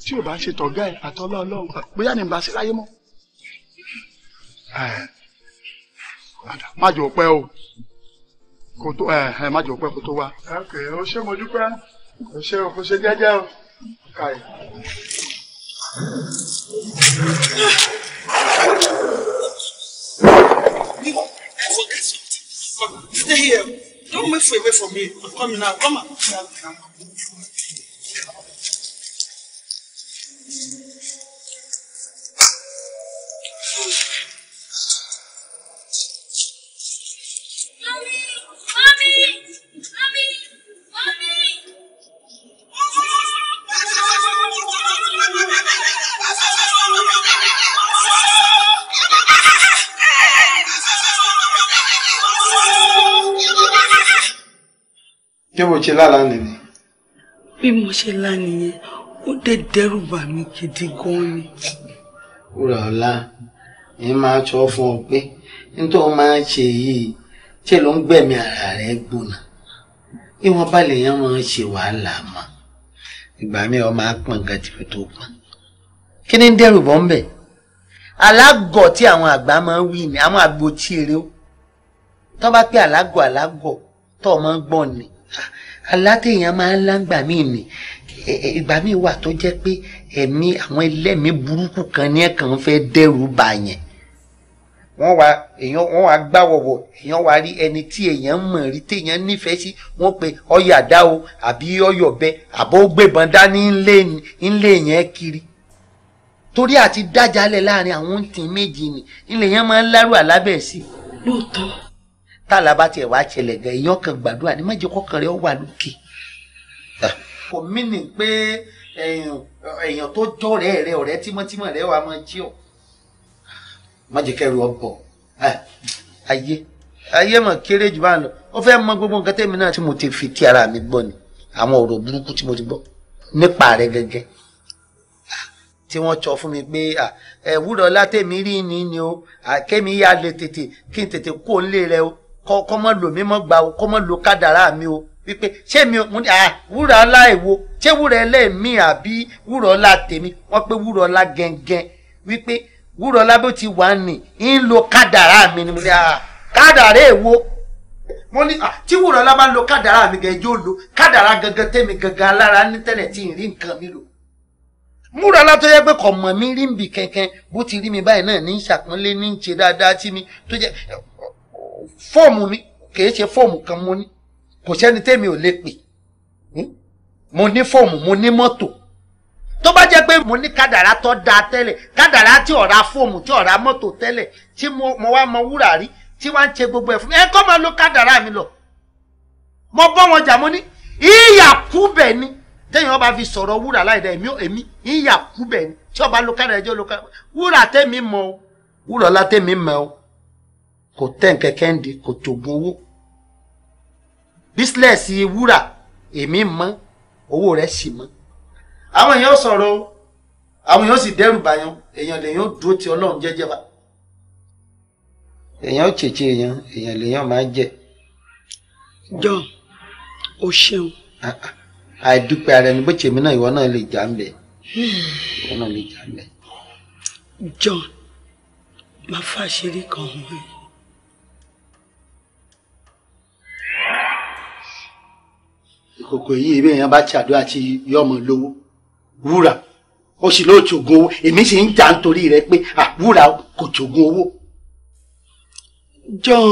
tí ò bá ṣe tọ̀gá ẹ àtọ́lọ́ ọlọ́run bóyá ni bá ṣe láyé mọ́ má jò pẹ́ o kò tó ẹ má jò pẹ́ kò tó wá. ó ṣe mo dúpẹ́ ó ṣe o kò ṣe jẹ́jẹ́ o kàì me home. Forget it. Stay here. Don't move away from me. Come now. Come on. kí mo ṣe lára nìyí. bí mo ṣe lá nìyẹn ó dé dẹ́rù bà mí gidi gan ni. wúrà ọ̀la ẹ máa sọ fún ọ pé nítorí wọn máa ń ṣe yìí ṣe ló ń gbẹ̀mí ara rẹ gbóná kí wọ́n bá lè yán wọn ṣe wàhálà mọ́ ìgbà mi ọ máa pọn nǹkan tìbí tó pọn kí ni dẹ́rù bọ́ ń bẹ̀ alágọ̀ tí àwọn àgbà máa ń wí ni àwọn àgbo tí eré tọ́ bá pé alágọ̀ alágọ̀ tọ́ ọ máa ń gbọ́n ni alátẹ̀yàn máa ń láǹgbà míì nì ìgbà míì wà tó jẹ́ pé ẹ̀mí àwọn ẹlẹ́mìí burúkú kan ní ẹ̀kan fẹ́ dẹ́rù bà yẹn wọ́n wá èèyàn wọ́n wá gbáwọ̀wọ̀ èèyàn wá rí ẹni tí èèyàn mọ̀ rí téèyàn nífẹ̀ẹ́ sí wọ́n pe ọyà dá o àbí ọyọ̀ bẹ àbó gbébọn dání ńlé yẹn kiri torí àti dájálẹ̀ láàrin àwọn tìǹ méjì ni ńlé yẹn máa ń lárò àlábẹ̀ sí. lóòótọ́ tààlà bá tiẹ̀ wá ṣẹlẹ̀ gan èèyàn kan gbàdúrà ní májè kọkàn rẹ̀ ó wà lókè. kò mí nì pé èèyàn tó jọ ọ̀rẹ́ rẹ ọ̀rẹ́ tímọ́tímọ́ rẹ wàá máa jí ọ. májè kẹrù ọbọ ah, ayé ayé mà kéré jù bá ń lọ ó fẹ́ mọ gbogbo nǹkan tẹ́mi náà tí mo ti fi tí ara mi gbọ́ ni àwọn ọ̀rọ̀ burúkú tí mo ti gbọ́ nípa rẹ gẹ́gẹ́ ah, tí wọ́n sọ fún mi pé ah, ẹ̀wúrọ̀ látẹ̀mí rí ni ni o kẹ́mi yá le tètè kí n tètè kó o lé rẹ o kọ́ mọ́ lò mí mọ́ gbà o kọ́ mọ́ lò kádàrá mi o wípé ṣé mi mo ní wúrà ọlá èwo ṣé wúrà ẹlẹ́mí àbí wúrà ọlá tèmi wọ́n pé wúrà ọlá gẹ́ngẹ́n wípé wúrà ọlá bó ti wà nì ń lo kádàrá mi ni mo ní kádàrá èwo mo ní tí wúrà ọlá bá lo kádàrá mi gẹ́gẹ́ yóò lo kádàrá gangan tèmi gangan alára ní tẹ́lẹ̀ tí ì rí nǹkan mi lò múra látọ́ yẹ pé kọ̀ mọ̀ mi rí nbì kẹ̀kẹ́ bó ti rí mi báyìí náà ní ṣàpọ́nlé ní ṣe dáadáa tí mi tó jẹ́ fọ́ọ̀mù mi kìí ṣe fọ́ọ̀mù kan mo ní kò sẹ́ni tẹ́mi ò lè pè hmm? mo ní fọ́ọ̀mù mo ní mọ́tò tó bá jẹ́ pé mo ní kádàrá tó dáa tẹ́lẹ̀ kádàrá tí ò ra fọ́ọ̀mù tí ò ra mọ́tò tẹ́lẹ̀ tí mo wá mọ wúrà rí tí wá ń ṣe gbogbo ẹ̀ fún mi ẹ kọ́ máa lo kádàrá mi lọ mo bọ́ wọn jà mo ní ìyà kú bẹ̀ ni téèyàn bá fi sọ̀rọ̀ wúrà láìda èmi èmi ìyà kú bẹ̀ ni tí ọba lo kádàrá ẹjọ́ lo kádàrá wúrà tẹ́mi mọ wúrà ọlá tẹ́mi kò tẹ́ nkẹ́kẹ́ ń di kò tògùn owó bísílẹ̀sì wúrà èmi mọ́ owó rẹ̀ sì mọ́ àwọn èèyàn sọ̀rọ̀ àwọn èèyàn sì dẹ́rù bàyàn èèyàn lèèyàn dúró ti ọlọ́run jẹ́jẹ́ bá èèyàn kèké èèyàn èèyàn lèèyàn máa jẹ. John o ṣeun. àìdúpẹ́ ara ẹni bó ṣe mí náà ìwọ náà lè jà ń bẹ̀. ìwọ náà lè jà ń bẹ̀. John máa fàṣírí kan hàn yìí. ìkòkò yìí bí èèyàn bá ti àdúrà ti yọmọ lówó wúrà ó sì lóò tògùn owó èmi sì ń jà nítorí rẹ pé àwúrà kò tògùn owó. John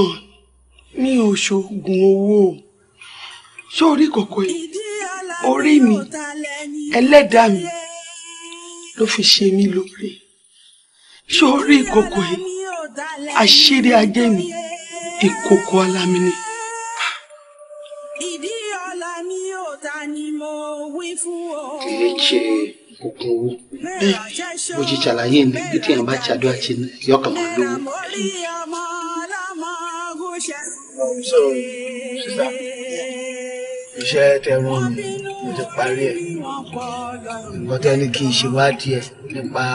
mi ò ṣoògùn owó sórí kòkò yìí orí mi ẹlẹ́dàá mi ló fi ṣe mí lóore sórí kòkò yìí àṣírí ajé mi ìkòkò alámi ni. kì í ṣe mo ti ṣàlàyé ní bí téèyàn bá ṣàdúrà ṣe yọkàn máa lówó. so sísá iṣẹ́ tẹ mi mo ti parí ẹ̀ nǹkan tẹ́ ní kí n ṣe wádìí ẹ̀ nípa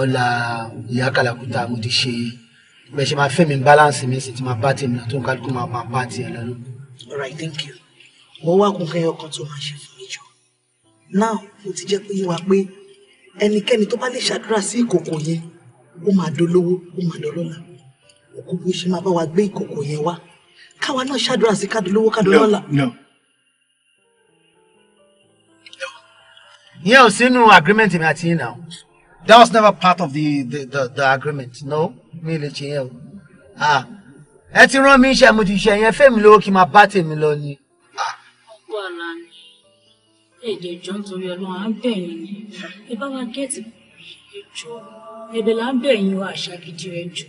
ọ̀la ìyá kàlàkùtà mo ti ṣe bẹ́ẹ̀ ṣe máa fẹ́ balance mi sì ti máa bá tèmi náà tó ń kálukú máa bá tiẹ̀ lọ́nà. all right thank you wọ́n wá kankan ẹyọ kan tó máa ṣe fún mi náà mo ti jẹ́ pé yé wa pé ẹnikẹ́ni tó bá lè ṣàdúrà sí ìkòkò yẹn ó máa dolówó ó máa dọlọ́lá òkú bó ṣe máa bá wa gbé ìkòkò yẹn wá káwa náà ṣàdúrà sí kádolówó kádolọ́lá. ìyẹn ò sínú agreement mi àti yín náà that was never part of the the the, the agreement no mi lè ṣe yẹn o ah. ẹ ti rán mi iṣẹ́ mo ti ṣe yẹn fẹ́mi lówó kí n máa bá tèmi lọ ni wàhálà ni èdè ìjọ nítorí ọlọ́run à ń bẹ̀ yín ni ẹ bá wa gẹ́ẹ̀tì ìjọ ẹ̀bẹ̀ là ń bẹ̀ yín o àṣà gidi rẹ̀ jù.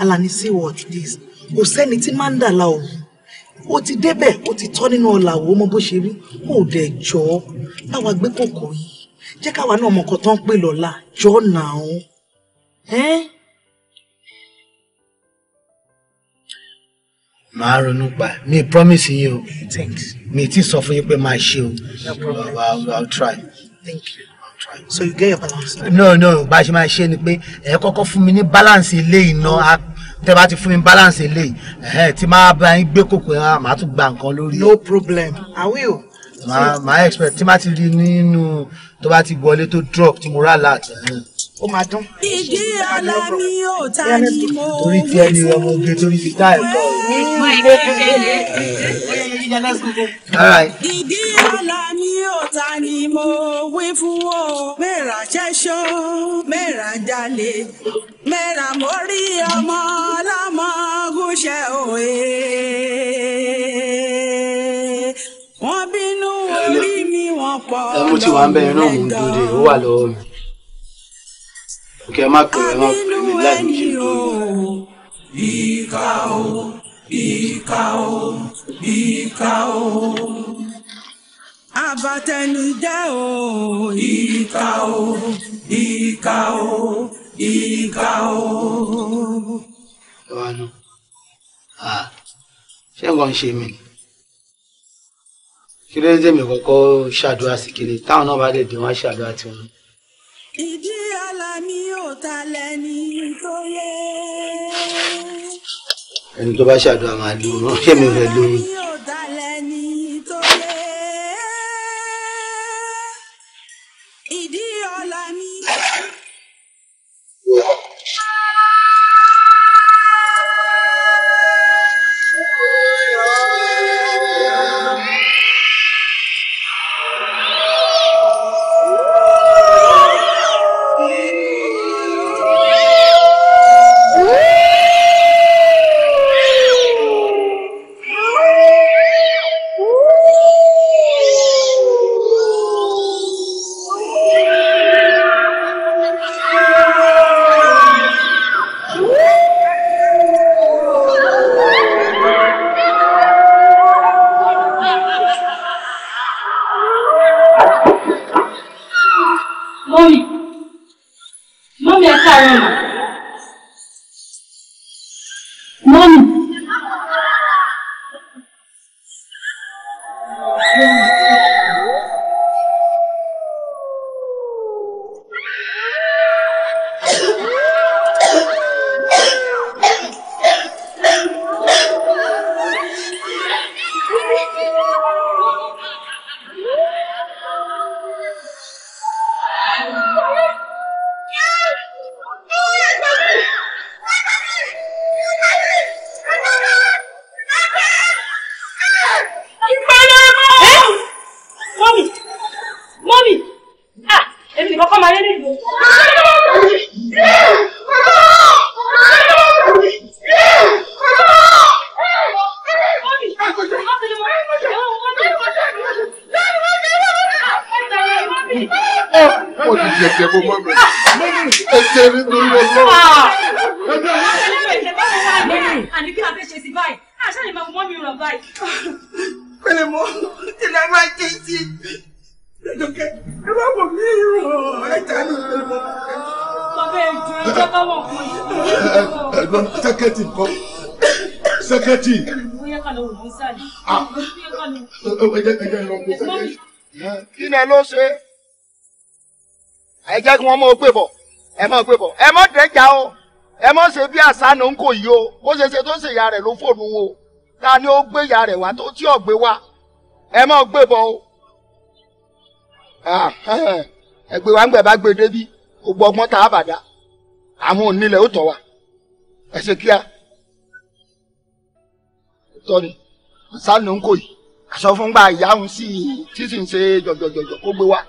Alani see what this kò sẹ́ni tí máa ń dà la O, ó ti débẹ̀ ó ti tọ́ nínú ọ̀la wo mọ bó ṣe rí kò dẹ̀ jọ ọ́ láwa gbé kòkò yìí jẹ́ káwa náà mọ nǹkan tó ń pè lọ́la jọ́ nà án. màá ronú pa mi promise yín o mi ti sọ fún yín pé máa ṣe o I'll, will try thank you so you get your balance. no no bá a ṣe máa ṣe ni pé ẹ kọ́kọ́ fún mi ní balance eléyìí náà tẹ́ bá ti fún mi balance eléyìí ẹ ti máa bá yín gbé kòkò ẹ máa tún gba nǹkan lórí. no problem i will. màá màá expect tí má ti rí nínú tó bá ti wọlé tó drop tí mo rà láti ó máa dún. ìdí ọ̀la mi ni mo wí. torí ti ẹni ọmọ oge torí ti dá ẹ̀kọ́. ìdí ọ̀la mi ni mo wí fún o. mẹ́ra ṣẹ́ṣọ́ mẹ́ra jalè mẹ́ra mórí ọmọ ọlọ́mọ gúnṣẹ́ òye. wọ́n bínú orí mi wọ́n pọ̀. ẹ mo ti wà ń bẹ inú mi dúró de ó wà lọ́wọ́ mi kẹ má pè é má pè é mi láì mi ṣe tó yẹ. ìkà o ìkà o ìkà ah, abatẹnudẹ o. ìkà o ìkà o ìkà o. ìwà nù ṣé nǹkan ń ṣe mí ni kí ló ta lẹ́ni tó yẹ. ẹni tó bá ṣàdúrà máa lóyún ṣé mi fẹ́ lóyún. Jọkẹ́ ẹ má wò mí rò ẹ jáde ìpele mọ́. Bàbá ìjọ ẹ jẹ́ káwọn kò yí. Ẹ̀gbọ́n sẹ́kẹ́tì nǹkan sẹ́kẹ́tì. Bóyá kàlọ́ wò mí sáré. Ah. Ẹ jẹ́ ẹ jẹ́ ìrọ̀kọ́ sẹ́kẹ́tì. Kí ni ẹ ló ṣe? Ẹ jẹ́ kí wọ́n mọ̀ pé bọ̀ ẹ mọ̀ pé bọ̀ ẹ mọ̀ dẹ́jà o ẹ mọ̀ ṣe bí àṣà náà ń kò yí o bó ṣe ṣe tó ṣe ìyá rẹ̀ ló fòònù o ta ni ó gbé ìyá rẹ̀ wá tó tí ò gbé wá ẹ mọ̀ gbé bọ̀ o. Ah, eh, ẹgbẹ́ wa ń gbẹ̀ bá gbé e débi gbogbo ọgbọ́n tá a bàdá àwọn onílẹ̀ ó tọ̀ wa ẹ ṣe kíá tọ́ni sálẹ̀ ń kò yìí àṣọ fúngbà ìyáhùn sí i tí sì ń ṣe jọ̀jọ̀jọ̀jọ̀ kó gbé wa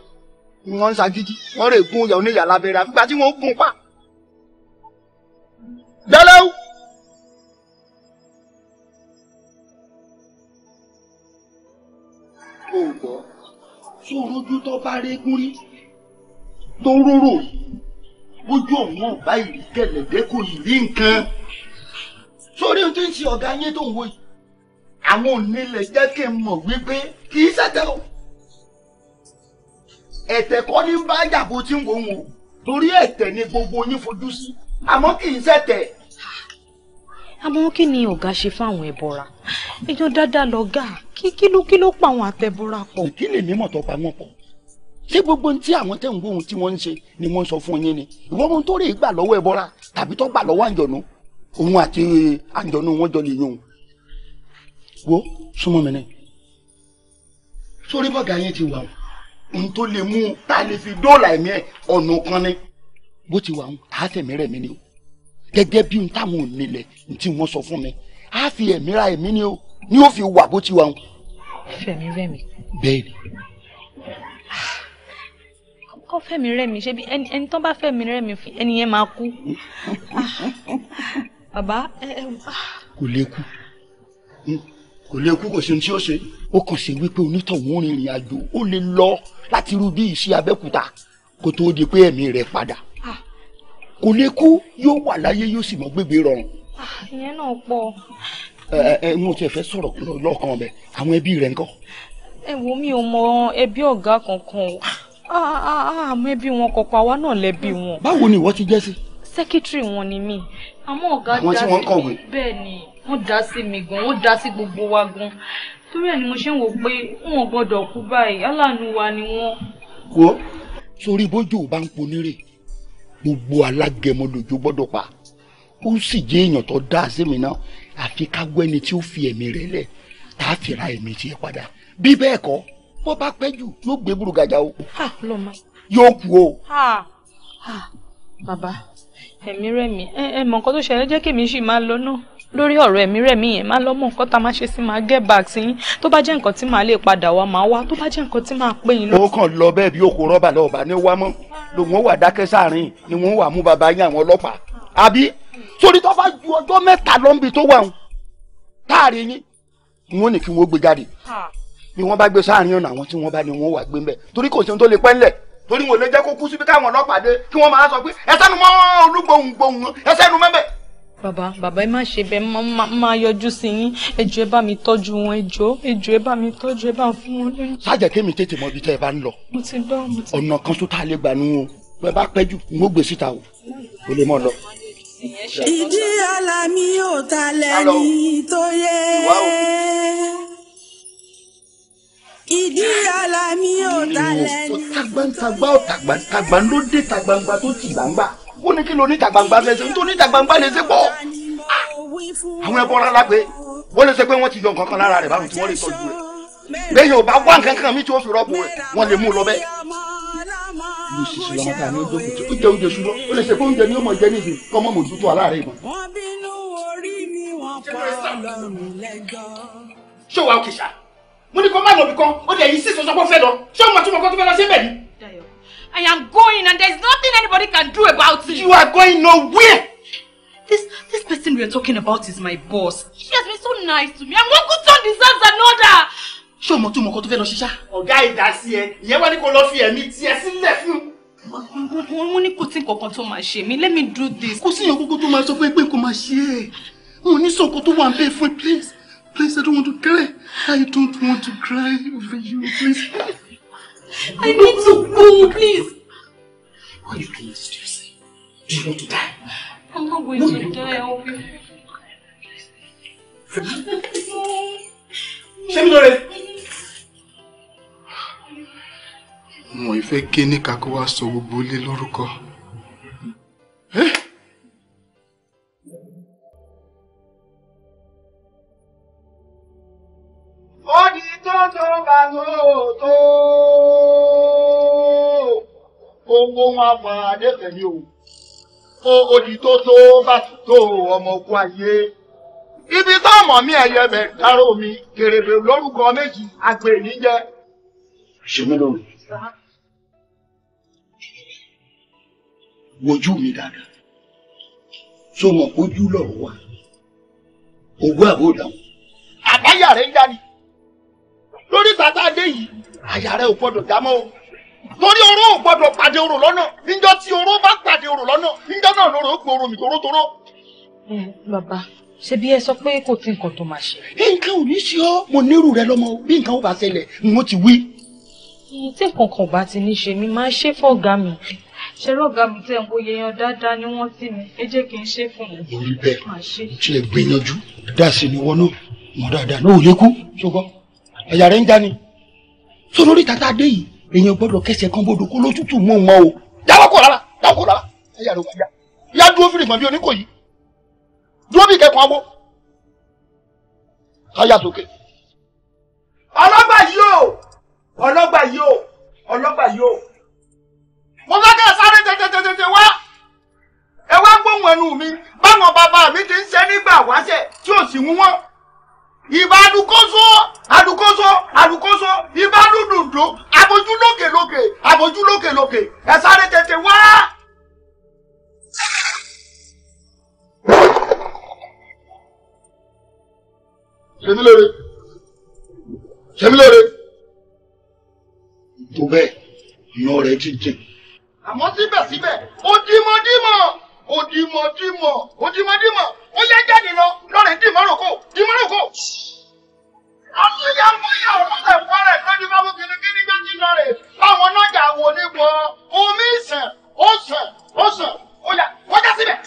wọ́n ń ṣagídí wọ́n rè gún ìyá oníyà lábẹ́rẹ́ àfígbà tí wọ́n gún pa. dẹ́lẹ́wù. ó gbọ́ sórójú tó bá régún rí tó róró yìí bójú òun ò bá ìrí kẹlẹ̀dẹ́ kò ní rí nǹkan sórí ohun tó ń ṣe ọ̀gá yẹn tó ń wo yìí àwọn onílẹ̀ jẹ́ kí n mọ̀ wípé kì í ṣẹ̀tẹ̀ o ẹ̀tẹ̀ kọ́ ní bá yàgò tí ń wò ń torí ẹ̀tẹ̀ ni gbogbo yín fojú sí àmọ́ kì í ṣẹ̀tẹ̀ àmọ́ kí ni ọ̀gá ṣe fáwọn ẹ̀bọra èèyàn dáadáa lọ́gà kí kí ló kí ló pa àwọn àtẹ̀bọra pọ̀. kí lè mímọ̀ tó pa wọ́n pọ̀ ṣé gbogbo ohun tí àwọn tẹ̀ ń gbóhun tí wọ́n ń ṣe ni wọ́n ń sọ fún yín ni ìwọ ohun tó rè gbà lọ́wọ́ ẹ̀bọra tàbí tó gbà lọ́wọ́ àǹjọ̀nú òun àti àǹjọ̀nú wọn jọ lè yún un. wo súnmọ́ mi náà sórí bọ́gà yẹn ti wà ó ohun tó lè mú tá a lè fi dóòlà ẹ̀mí ẹ̀ ọ̀nà kan ni bó ti wà ó gẹ́gẹ́ bí n táwọn onílẹ̀ tí wọ́n sọ fún mi á fi ẹ̀mí ra ẹ̀mí ni ó ni ó fi wà bó ti wà wọn. fẹmi rẹmi. bẹ́ẹ̀ni. kọ́ fẹmi rẹmi ṣebí ẹni tán bá fẹmi rẹmi ẹni yẹn máa kú. bàbá ẹ. Ah. kò lè kú kò lè kú kò sí ohun tí ó ṣe ó kàn ṣe wípé onítọ̀hún rìnrìn àjò ó lè lọ láti irú bí ìṣe abẹ́kúta kó tóó di pé ẹ̀mí rẹ̀ padà kò lè kú yóò wà láyé yóò sì mọ gbégbé rọrùn. Ah, ìyẹn náà pọ̀. ẹ ẹ mo tiẹ̀ fẹ́ sọ̀rọ̀ lọ́kàn bẹ̀ àwọn ẹbí rẹ̀ ńkọ́. ẹ wo mi ò mọ ẹbí ọ̀gá kankan o ah, ah, àmọ́ ẹbí wọn kọ̀ọ̀kan àwa náà lẹ́bí wọn. báwo ni ìwọ ti jẹ́ sí. sẹ́kítírì wọn ni mí àmọ́ ọ̀gá dá sí mi bẹ́ẹ̀ ni wọ́n dá sí mi gan wọ́n dá sí gbogbo wa gan torí ẹ̀ ni mo ṣe ń wò pé wọn ò kú báyìí aláàánú wa ni wọ́n. wo sórí bójú ò bá ń ponírè gbogbo alágẹmọ lójó gbọ́dọ̀ pa ó sì jẹ́ èèyàn tó dá àsèmi náà àfi ká gbẹ́ni tí ó fi ẹ̀mí rẹ̀ lẹ̀ tá a fi ra ẹ̀mí tiẹ̀ padà bí bẹ́ẹ̀ kọ́ wọ́n bá pẹ́ jù yóò gbé burúkàjà o yóò kú o. bàbá ẹ̀mí rẹ̀ mi ẹ mọ̀ nǹkan tó ṣẹlẹ̀ jẹ́ kí èmi sì máa lọ náà lórí ọ̀rọ̀ ẹ̀mí rẹ̀mí yẹn máa lọ́mọ nǹkan tá a máa ṣe sí máa get back sí yín tó bá jẹ́ nǹkan tí màá lè padà wá máa wá tó bá jẹ́ nǹkan tí màá pè yín lọ. ó kàn lọ bẹ́ẹ̀ bí òkú rọ́bà lọ́wọ́ bá ní wá mọ́ lòun ó wà dákẹ́ sáàrin ni wọ́n wà mú bàbá yín àwọn ọlọ́pàá àbí torí tó bá ju ọjọ́ mẹ́ta lọ́nbi tó wà táàrí yín ni wọ́n ní kí wọ́n gbé jáde bí wọ́n bá gbé sáàrin ọ̀nà àwọn tí wọ́n bá ní wọ́n wà gbé ńbẹ̀ torí kò sí ohun tó lè pẹ́ ńlẹ̀ torí wọn lè jẹ́ kó kú síbi káwọn ọlọ́pàá dé kí wọ́n máa sọ pé ẹsẹ́nu mọ́ olúgbòhùngbòhùn ẹsẹ́nu mẹ́bẹ̀ bàbá bàbá ẹ má ṣe bẹ́ẹ̀ má má yọjú sí yín ẹjọ́ ẹ bá mi tọ́jú wọn ẹjọ́ ẹjọ́ ẹ bá mi tọ́jú ẹ bá fún wọn lóyún. sájà kémi tètè mọ ibi tẹ ẹ bá ń lọ. mo ti gbọ́ mo ti. ọ̀nà kan tó tá a lè gbà nínú o bẹ́ẹ̀ bá pẹ́ jù n ó gbé síta o kò lè mọ̀ lọ. ìdí alámi ò ta lẹ́ni tó yẹ. ìdí alámi ò ta lẹ́ni. tàgbàǹtàgbà ò tàgbàǹtàgbà ló dé tàgbàǹgbà tó ti gbàǹgbà ó ní kí ló ní ìta gbangba lè ṣe nítorí ìta gbangba lè ṣe pọ̀ ah! àwọn ẹbọ rárá pé wọ́n lè ṣe pé wọ́n ti yọ nǹkan kan lára rẹ̀ báwọn tí wọ́n lè tọ́jú rẹ̀ bẹ́ẹ̀ yóò bá wá nǹkan kan mi tí ó fi rọ́pò rẹ̀ wọ́n lè mú un lọ bẹ́ẹ̀ ní sísè lọ́mọ ká ní ojú kùtù oúnjẹ oúnjẹ ṣùgbọ́n ó lè ṣe pé oúnjẹ ni ó mọ̀ jẹ́ níbi kọ́ mọ́ mọ̀ I am going and there's nothing anybody can do about it. You are going nowhere. This this person we are talking about is my boss. She has been so nice to me and one good turn deserves another. Show o mọ̀ tó mọ̀ kó tó fẹ́ lọ ṣiṣá? Ọ̀gá ìdásí ẹ, ìyẹn wá ní kó lọ fi ẹ̀mí tiẹ̀ sílẹ̀ fún. Wọ́n ní kò tí kankan tó máa ṣe mí, let me do this. Kò síyàn kókó tó máa sọ pé pé kò máa ṣe é. Mo ní sọ̀kọ́ tó wà ń bẹ́ẹ̀ fún ẹ, please, please I don't want to cry. I don't want to cry over you, please. I need to go, please. Why are you doing this to yourself? Do you want to die? I'm not going no, to die. I'll be Ṣẹ́mítọ́rẹ́. Wọ́n ìfẹ́ ké ní kakó wá sọ gbogbo ilé lórúkọ. Ó di tó tó bá lóòótọ́ gbogbo wọn wà adẹ́tẹ̀lé o o odi tó tó bá tó ọmọ ogun ayé ibi tó mọ̀ mí ẹ̀yẹ bẹ̀ dárò mi kèrèbè lórúkọ méjì àgbè níjẹ. ṣe mí lóru wojú mi dáadáa tó mọ̀ kójú lọ́rọ̀ wa ògùn àbòdà. àbáyà rẹ̀ ń yá lórí bàtà dé yìí àyà rẹ̀ ò gbọ́dọ̀ já mọ́ o torí oró ò gbọdọ̀ pàdé oró lọ́nà níjọ́ tí oró bá pàdé oró lọ́nà níjọ́ náà lóró ó pe oró mi torótoró. bàbá ṣe bí ẹ sọ pé kò tí nǹkan tó máa ṣe. nǹkan ò ní ṣe ọ́ mo nírú rẹ lọ́mọ bí nǹkan ó bá ṣẹlẹ̀ n ó ti wí. tí nǹkan kan bá ti ní ṣe mi máa ṣe fọ́ọ̀gá mi. ṣe rọ́ọ̀gá mi tẹ́ ń wòye yan dáadáa ni wọ́n sì mi ẹ jẹ́ kí n ṣe fún mi. orí bẹ́ẹ̀ mo tiẹ̀ gbìyànjú e dá sí ni wọnú mọ̀ dáadáa náà ò lè ṣùgbọ́n ẹ̀yà rẹ̀ ń já ni sórí tata dé yìí èèyàn gbọ́dọ̀ kẹsẹ̀ kan bọ́dọ̀ kó lótútù mọ́ wọn o yàwó kò rárá yàwó kò rárá ẹ̀yà rẹ̀ wájà yá dúró fìrì mọ́ bí oníkò yìí dúró bí kẹkọ̀ọ́ awó káyà sókè. ọlọ́gbà yìí o ọlọ́gbà yìí o ọlọ́gbà yìí o mo fẹ́ kẹ́ ẹ sáré tètè wá ẹ wá gbóhùn ẹnu mi báwọn bàbá mi ti ń ṣe nígbà wáṣẹ tí ò sì mú wọn ìbá adukoso adukoso adukoso ìbá dundundu abojú lókè lókè abojú lókè lókè ẹ sáré tètè wá. sèmilére sèmilére tó bẹ́ẹ̀ iná rẹ̀ ti jẹ. àmọ́ síbẹ̀síbẹ̀ ó dímọ̀dímọ̀. òdìmọ̀dìmọ̀ òdìmọ̀dìmọ̀ ó yá jáde lọ lọ́rẹ̀ dìmọ̀rọ̀kọ̀ dìmọ̀rọ̀kọ̀. lọ́sọ̀yà mọ́yà ọ̀rọ̀sẹ̀ fọ́rẹ̀ lọ́dún bá wọ́n kìnnìkìnnì gbé ti lọ́rẹ̀ báwọn nájà wò ní bọ́ omi sàn ó sàn ó sàn ó yà wọ́jà síbẹ̀.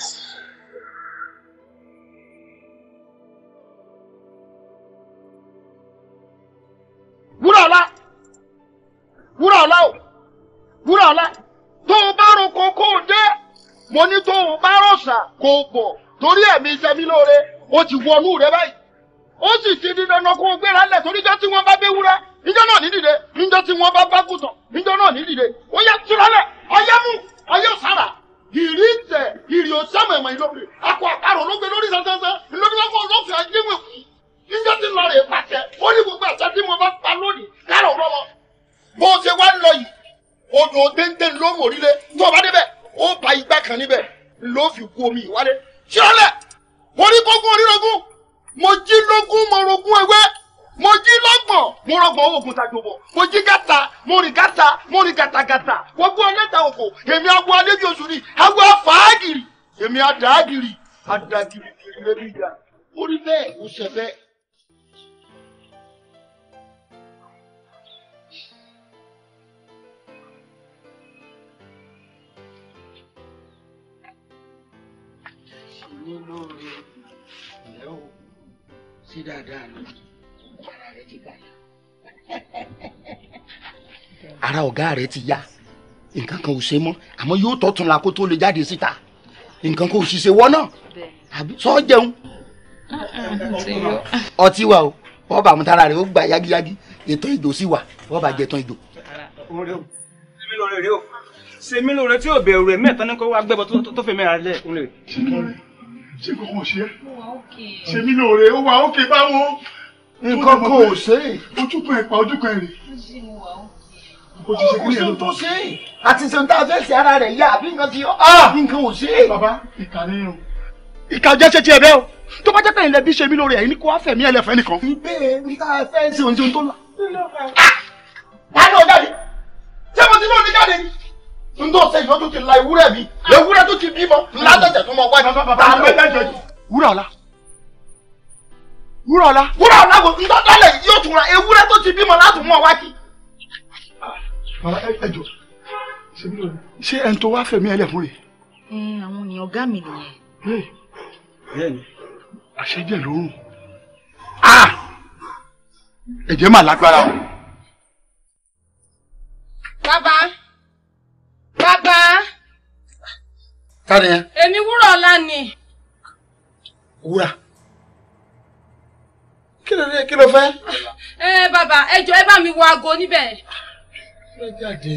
o wúrà ọ̀la tó o bá ro kókó mo ní tóun bá rọ̀ṣà kò bọ̀ torí ẹ̀mí ìṣẹ́mi lóore ó ti wọnú rẹ báyìí ó sì ti di dandan kó o gbéra lẹ̀ torí jọ́ tí wọ́n bá bẹ́ wúrẹ́ níjọ́ náà ní dìde níjọ́ tí wọ́n bá bá kùtàn níjọ́ náà ní dìde ó yẹ tura lẹ̀ ọyẹ mú ọyẹ sára ìrì tẹ ìrì òsàmù ẹ̀mọ̀ ìlókè akọ àparò ló gbé lórí sánsánsán ìlódìwọ́fọ́ lọ́fẹ̀ẹ́ ajéwìn kù níjọ́ tí lọ rè pàṣẹ ó ní gbogbo àṣà tí mo bá pa lónìí kárọ̀ lọ́wọ́ bó ṣe wá lọ yìí odò téńté ló mòrílé tó o bá débẹ̀ ó ba igbá kan níbẹ̀ ló fi kú omi ìwálé ṣírọ́lẹ̀ mo rí kókó onírogún mo jí lógún mo rogún ewé mo jí lọ́gbọ̀n mo rọgbọ̀n oògùn tàjọ̀bọ̀ mo jí gàtà mo rìn gàtà mo rìn gàtàgàtà gbogbo ọlẹ́ta òkò èmi awo alẹ́bí oṣù ni awo afáàgìrì èmi adàgìrì adàgìrì kiri lẹ́bí ìjà ó rí bẹ́ẹ̀ ó ṣe bẹ́ẹ̀. yín lóore ìlẹ́ o sí dáadáa lọ ara rẹ ti gàyà. ara ọ̀gá rẹ ti yá nǹkan kan ò ṣe mọ́ àmọ́ yóò tọ́ tún la kó tó lè jáde síta nǹkan kan ò ṣiṣẹ́ wọ́n náà àbí sọ jẹun. ọtí wa o wọ́n bá àmútara rẹ̀ ó gba yagiyagi ètò ìjò sí wa wọ́n jẹ tán ìjò. sèmi lóore tí ò bẹ̀rù rẹ̀ mẹ́ta ní kó wá gbẹ́bọ tó fẹ́ mẹ́ra lẹ̀ ṣé kò wọ́n ṣe é ṣe mí lóore ó wà ókè báwo. nǹkan kò ṣe é. ojúkan ẹ̀ pa ojúkan ẹ̀ rè. o ti ṣe kí ni ẹ ló tọ́ sí. àti sèǹtà fẹ́ẹ̀sì ara rẹ̀ yá àbí nǹkan ti ah! Ah! nǹkan ò ṣe é. bàbá ìkà ni o. ìkà jẹ́ ṣe tiẹ̀ bẹ́ẹ̀ o tó bá jẹ́ pé ìlẹ̀ bí ṣe mí lóore ẹ̀ ní kó wá fẹ̀mí ẹlẹ́fẹ̀ẹ́ nìkan. ìbéèrè níta fẹ́ẹ̀sì ohun tó lọ. báyọ̀ jáde ṣé mo ti lóun ní jáde ntọ́ sẹ́yìn ọdún ti la ewúrẹ́ mi ewúrẹ́ tó ti bímọ ńlá tẹ̀tẹ̀ tó mọ wájú. wúrà ọ̀la wúrà ọ̀la. wúrà ọ̀la kò ntọ́ dọ́lẹ̀ yóò tún ra ewúrẹ́ tó ti bímọ láti mọ wájú. ẹ jọ ṣé ẹ̀ ń tó wá fẹ̀mí ẹlẹ̀ fún rè. àwọn ènìyàn ọ̀gá mi nìyẹn. bẹ́ẹ̀ni àṣejẹ lórùn ẹ̀jẹ̀ mà lágbára o. bàbá. ta ni ẹ. èmi wúrọ̀ ọ̀la ni. wúrà kí ló dé kí ló fẹ́. ẹ bàbá ẹ jọ ẹ bá mi wo aago níbẹ̀. kí jáde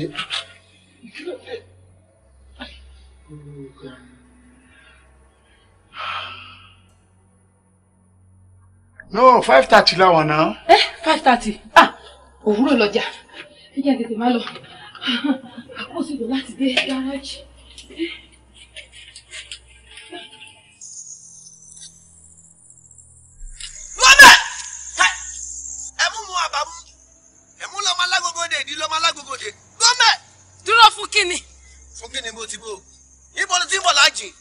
no five thirty láwọn náà. ẹ five thirty ah òwúrọ̀ lọ́jà ẹ jẹ́ tètè má lọ [laughs] àkóso ìlú láti dé gáràjì. kíni. fún kíni bó ti bó ibo ni tí mo là jì.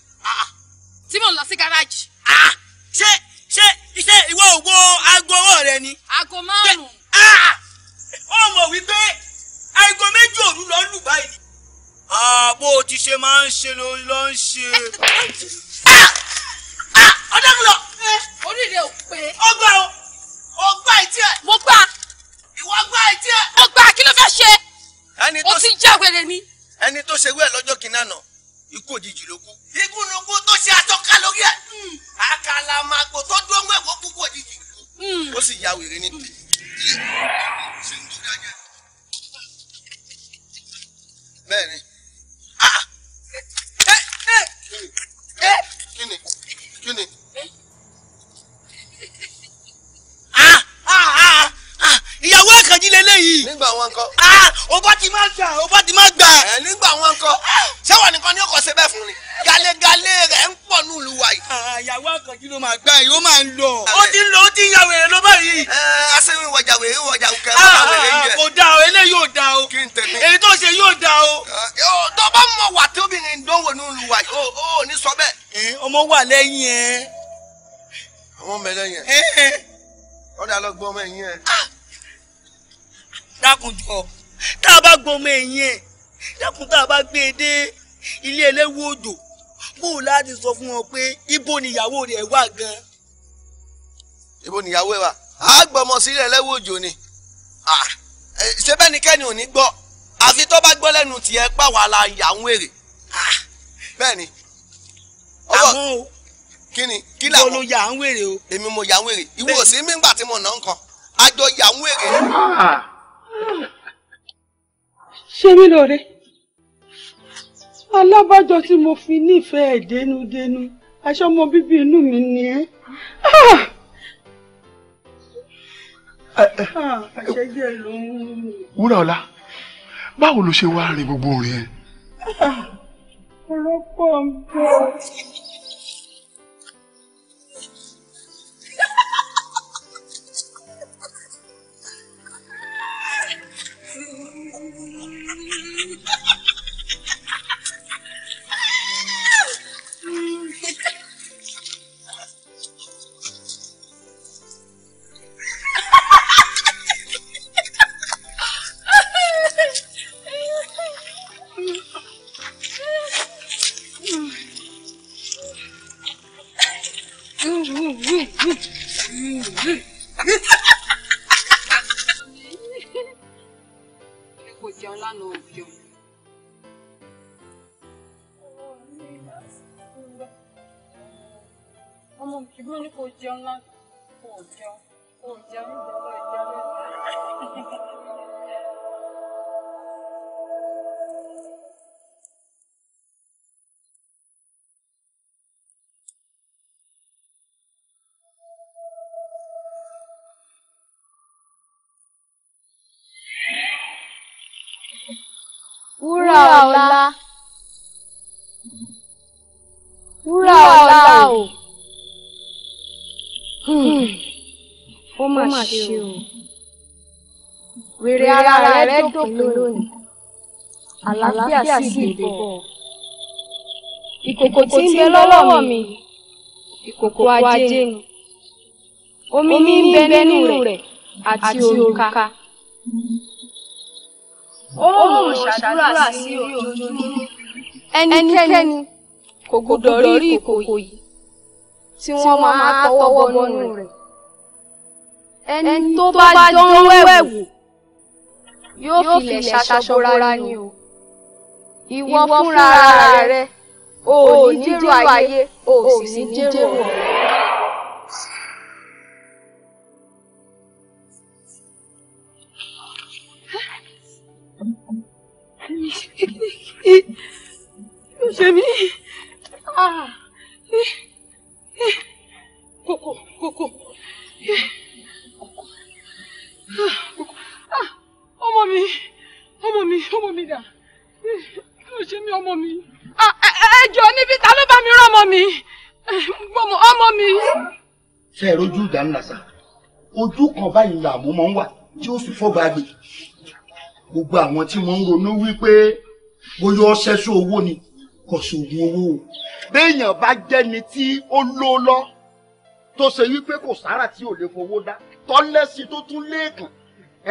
lọ sí gáràjì. Ah, ṣé ṣé ṣé ìwọ ògbó aago ọwọ́ rẹ ni. aago márùn. Ah, ó mọ̀ wípé aago méjì òru lọ lù báyìí. àbó ah, ti ṣe máa ń ṣe ló lọ ń ṣe. Eh, eh, eh, ọ̀dọ́kùnlọ. oríire ò pé. ọgbà ọgbà ìtí ẹ. mo gbà. ìwọ gbà ìtí ẹ. mo gbà kí ló fẹ́ ṣe. ẹni tó o ti jáwèrè ni ẹni tó ṣe wí ẹ̀ lọ́jọ́ kìnnà náà ikú òjijì ló kú. igunugu tó ṣe àtọ́ká lórí ẹ̀ hmm. àkàlàmàgbò tó dúró mú ẹ̀kọ́ kúkú òjijì hmm. ó sì ya wèrè ni. bẹ́ẹ̀ni. kíni kíni. eléyìí. nígbà wọn kọ. Ah, o bá ti ma gbà o bá ti gbà. ẹ nígbà wọn kọ. sẹ́wọ̀n nìkan ni ó ṣe bẹ́ẹ̀ fún galegale rẹ̀ ń pọ̀ ní wa yìí. àyàwó ah, ló máa gbà yìí ó máa ń lọ. ó ti ń lọ ó ti ń ló báyìí. ẹ wọjà wọjà kẹ ah, kò da o eléyìí ò da o èyí tó ṣe da o. tí yi. dákunjọ tá a bá gbọmọ ẹ̀yìn ẹ̀ dákun tá a bá gbé e dé ilé ẹlẹ́wọ̀ òjò bó o láti sọ fún wọn pé ibo nìyàwó rẹ̀ wà gan. ibo nìyàwó ẹ wà á gbọmọ sílẹ̀ ẹlẹ́wọ̀ òjò ni ṣé bẹ́ẹ̀ ni kẹ́ni ò ní gbọ́ àfi tó bá gbọ́ lẹ́nu tiẹ̀ pà wà la yà ń wèrè bẹ́ẹ̀ ni. àmọ́ o kí ni kí làwọn ibo ló yà ń wèrè o. èmi mo yà ń wèrè ìwọ sí mi ń gbà tí mo nà ń kan àjọ yà ń ṣé mi lóore alábàjọ tí mo fi nífẹ̀ẹ́ dénúdénú aṣọ ọmọ bíbí inú mi ni ẹ́. Ah! Ah! Ah! wúrà ọlá báwo ló ṣe wá rìn gbogbo orin ẹ. ọ̀rọ̀ pọ̀ ń bọ̀. ṣe o wèrè ara rẹ dópin lónìí àlàáfíà sì dìbò ìkòkò tí ń bẹ lọ́wọ́ mi ìkòkò ajé ni omi ní ń bẹ nínú rẹ̀ àti òrùka ó mọ̀ ṣàdúrà sí ojoojúmọ́ ẹnikẹ́ni kò gbọdọ̀ rí ìkòkò yìí tí wọ́n máa tọwọ́ bọ́nú rẹ̀ ẹni tó bá dán wẹ̀wò yóò filẹ̀ ṣaṣọbora ni o ìwọ fúnra rẹ o ò ní dérò ayé o ò sì ní dérò ọ̀rọ̀. Ṣèmi. Kòkò kòkò ọmọ mi ọmọ mi ọmọ mi dà kí ló ṣe mí ọmọ mi. ẹ jọ níbi ta ló bá mi rán ọmọ mi ọmọ mi. ṣe é rojú ìjà ńlá sá ojú kan báyìí làmú máa ń wà tí ó sì fọ́gbà gbé gbogbo àwọn tí wọ́n ń ronú wípé bóyá ọ̀ṣẹ́ṣọ́ owó ni kò sóògùn owó o. béèyàn bá jẹ́ni tí ó ló lọ tó ṣe wípé kò sára tí ò lè fowó dá tọ́lẹ́sí tó tún léèkàn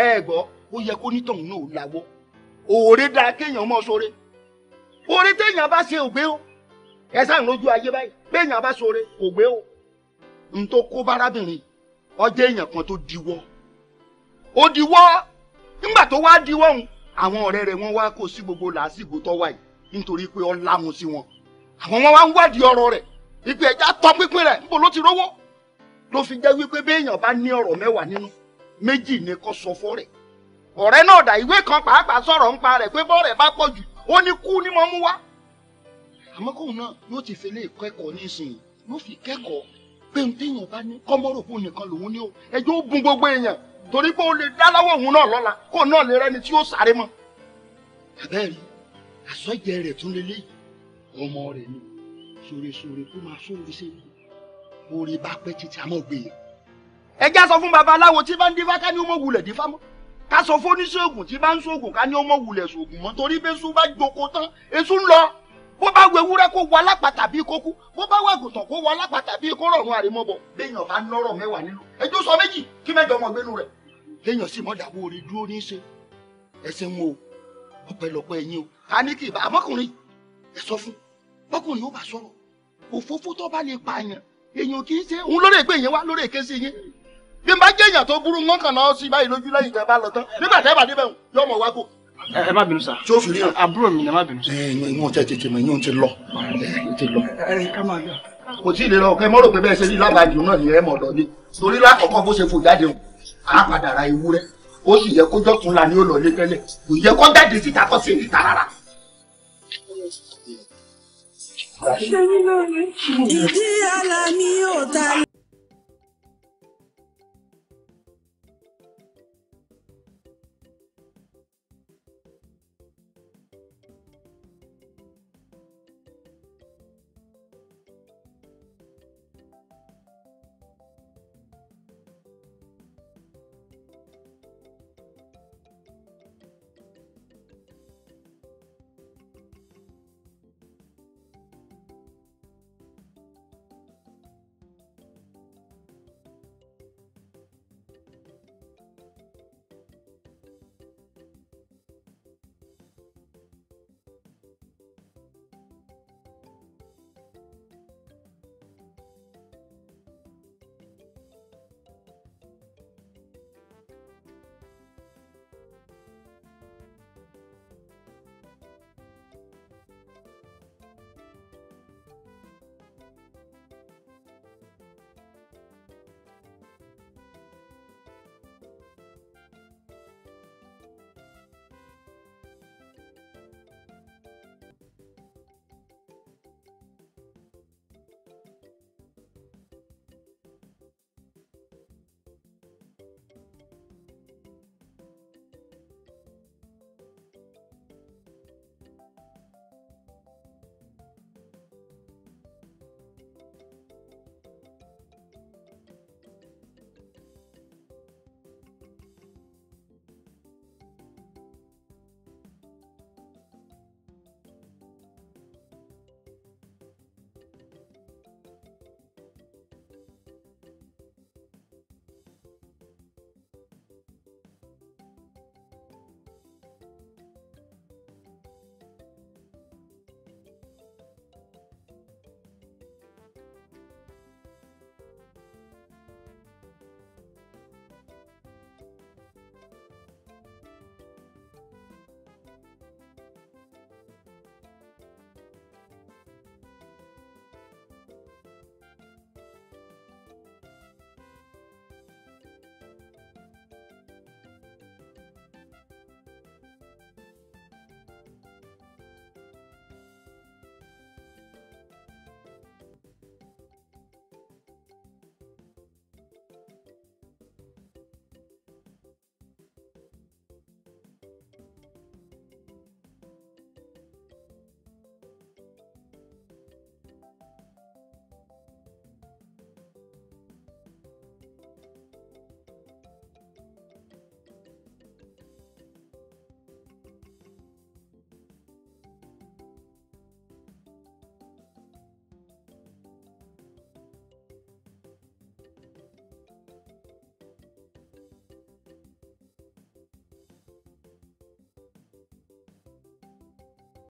ẹ gbọ́ ó yẹ kó nítọ̀hún náà làwọ́ òòrè dáa kéèyàn mọ́ sóore oore téèyàn bá ṣe ògbé o ẹ sáà lójú ayé báyìí béèyàn bá sóore kò gbé o n tó kó bárábìnrin ọjọ́ èèyàn kan tó diwọ́ ó diwọ́ nígbà tó wá diwọ́ òun àwọn ọ̀rẹ́ rẹ̀ wọ́n wá kó sí gbogbo làásìgbò tó wà yìí nítorí pé ọlá wọn sí wọn àwọn wọn wá ń wádìí ọ̀rọ̀ rẹ̀ ìpè ẹja tọpinpin rẹ̀ níbo ló ti rówó ló fi jẹ́ wípé béèyàn bá ní ọ̀rọ̀ mẹ́wàá nínú méjì ni kò sọ fọ́rẹ̀ ọ̀rẹ́ náà dà ìwé kan pàápàá sọ̀rọ̀ ń pa rẹ̀ pé bọ́ọ̀rẹ̀ bá pọ̀ jù ó ní kú ní mọ́ mú wá àmọ́ kóun náà yóò ti fi lè kẹ́kọ̀ọ́ nísìnyí yóò fi kẹ́kọ̀ọ́ pé n téèyàn bá ní kọ́mọ́rò fún nìkan lòun ní o ẹjọ́ ó bun gbogbo èèyàn torí pé ó lè dá lọ́wọ́ òun náà lọ́la kó náà lè rẹ́ni tí ó sáré mọ́ àbẹ́rẹ́ àsọjẹ rẹ̀ tún lélẹ́yìí ọmọ rẹ̀ ni sóresóre kó máa sóore sí i orí bá pẹ́ títí a máa gbé yẹn. E. ẹ já sọ fún babaláwo tí bá ń dífá ká ní ó mọ̀ wulẹ̀ dífá mọ́ ká sọ fóníṣègùn tí bá ń ṣògùn ká ní ó mọ̀ wulẹ̀ ṣògùn mọ́ torí bẹ́ẹ̀ sùn bá joko tán èṣù ń lọ bó bá wo ewúrẹ́ kó wọ alápàtà bíi kó kú bó bá wo àgùntàn kó wọ alápàtà bíi kó rọrùn àrèmọ́bọ̀ béèyàn bá nọ́rọ̀ mẹ́wàá nílò ẹjọ́ sọ méjì kí mẹ́jọ ọmọ gbénu rẹ̀ léèyàn sì mọ́ dàbò orí dúró ní í ṣe ẹ̀sìn wo ọ̀pẹ̀lọpẹ̀ ẹ̀yìn o a ní kí ibà àmọ́kùnrin ẹ̀ sọ fún bọ́kùnrin ó bá sọ̀rọ̀ òfófó tó bá lè pààyàn èèyàn kì í ṣe òun lórí èpè yẹn wá lórí èké sí yín bí n bá jẹ́ èèyàn tó burú wọn kàn náà sí báyìí lójú lẹ́yìn tẹ́ bá lọ tán nígbà tẹ́ bá débẹ̀ yóò mọ̀ wá kò. ẹ má bínú sá. tí ó fi rí àbúrò mi ẹ má bínú. ẹyin wọn tẹ tètè mọ ẹyin ti lọ ti lọ. kò tí ì lè lọ kẹ mọ́rò pé bẹ́ẹ̀ ṣe rí lábàájú náà ni ẹ mọ̀ lọ ni torí lákọ̀ọ́kọ́ bó ṣe fò jáde o á padà ra ewúrẹ́ ó sì yẹ kó jọ́tún la ni ó lọ lé ìdí àlà mi ò ta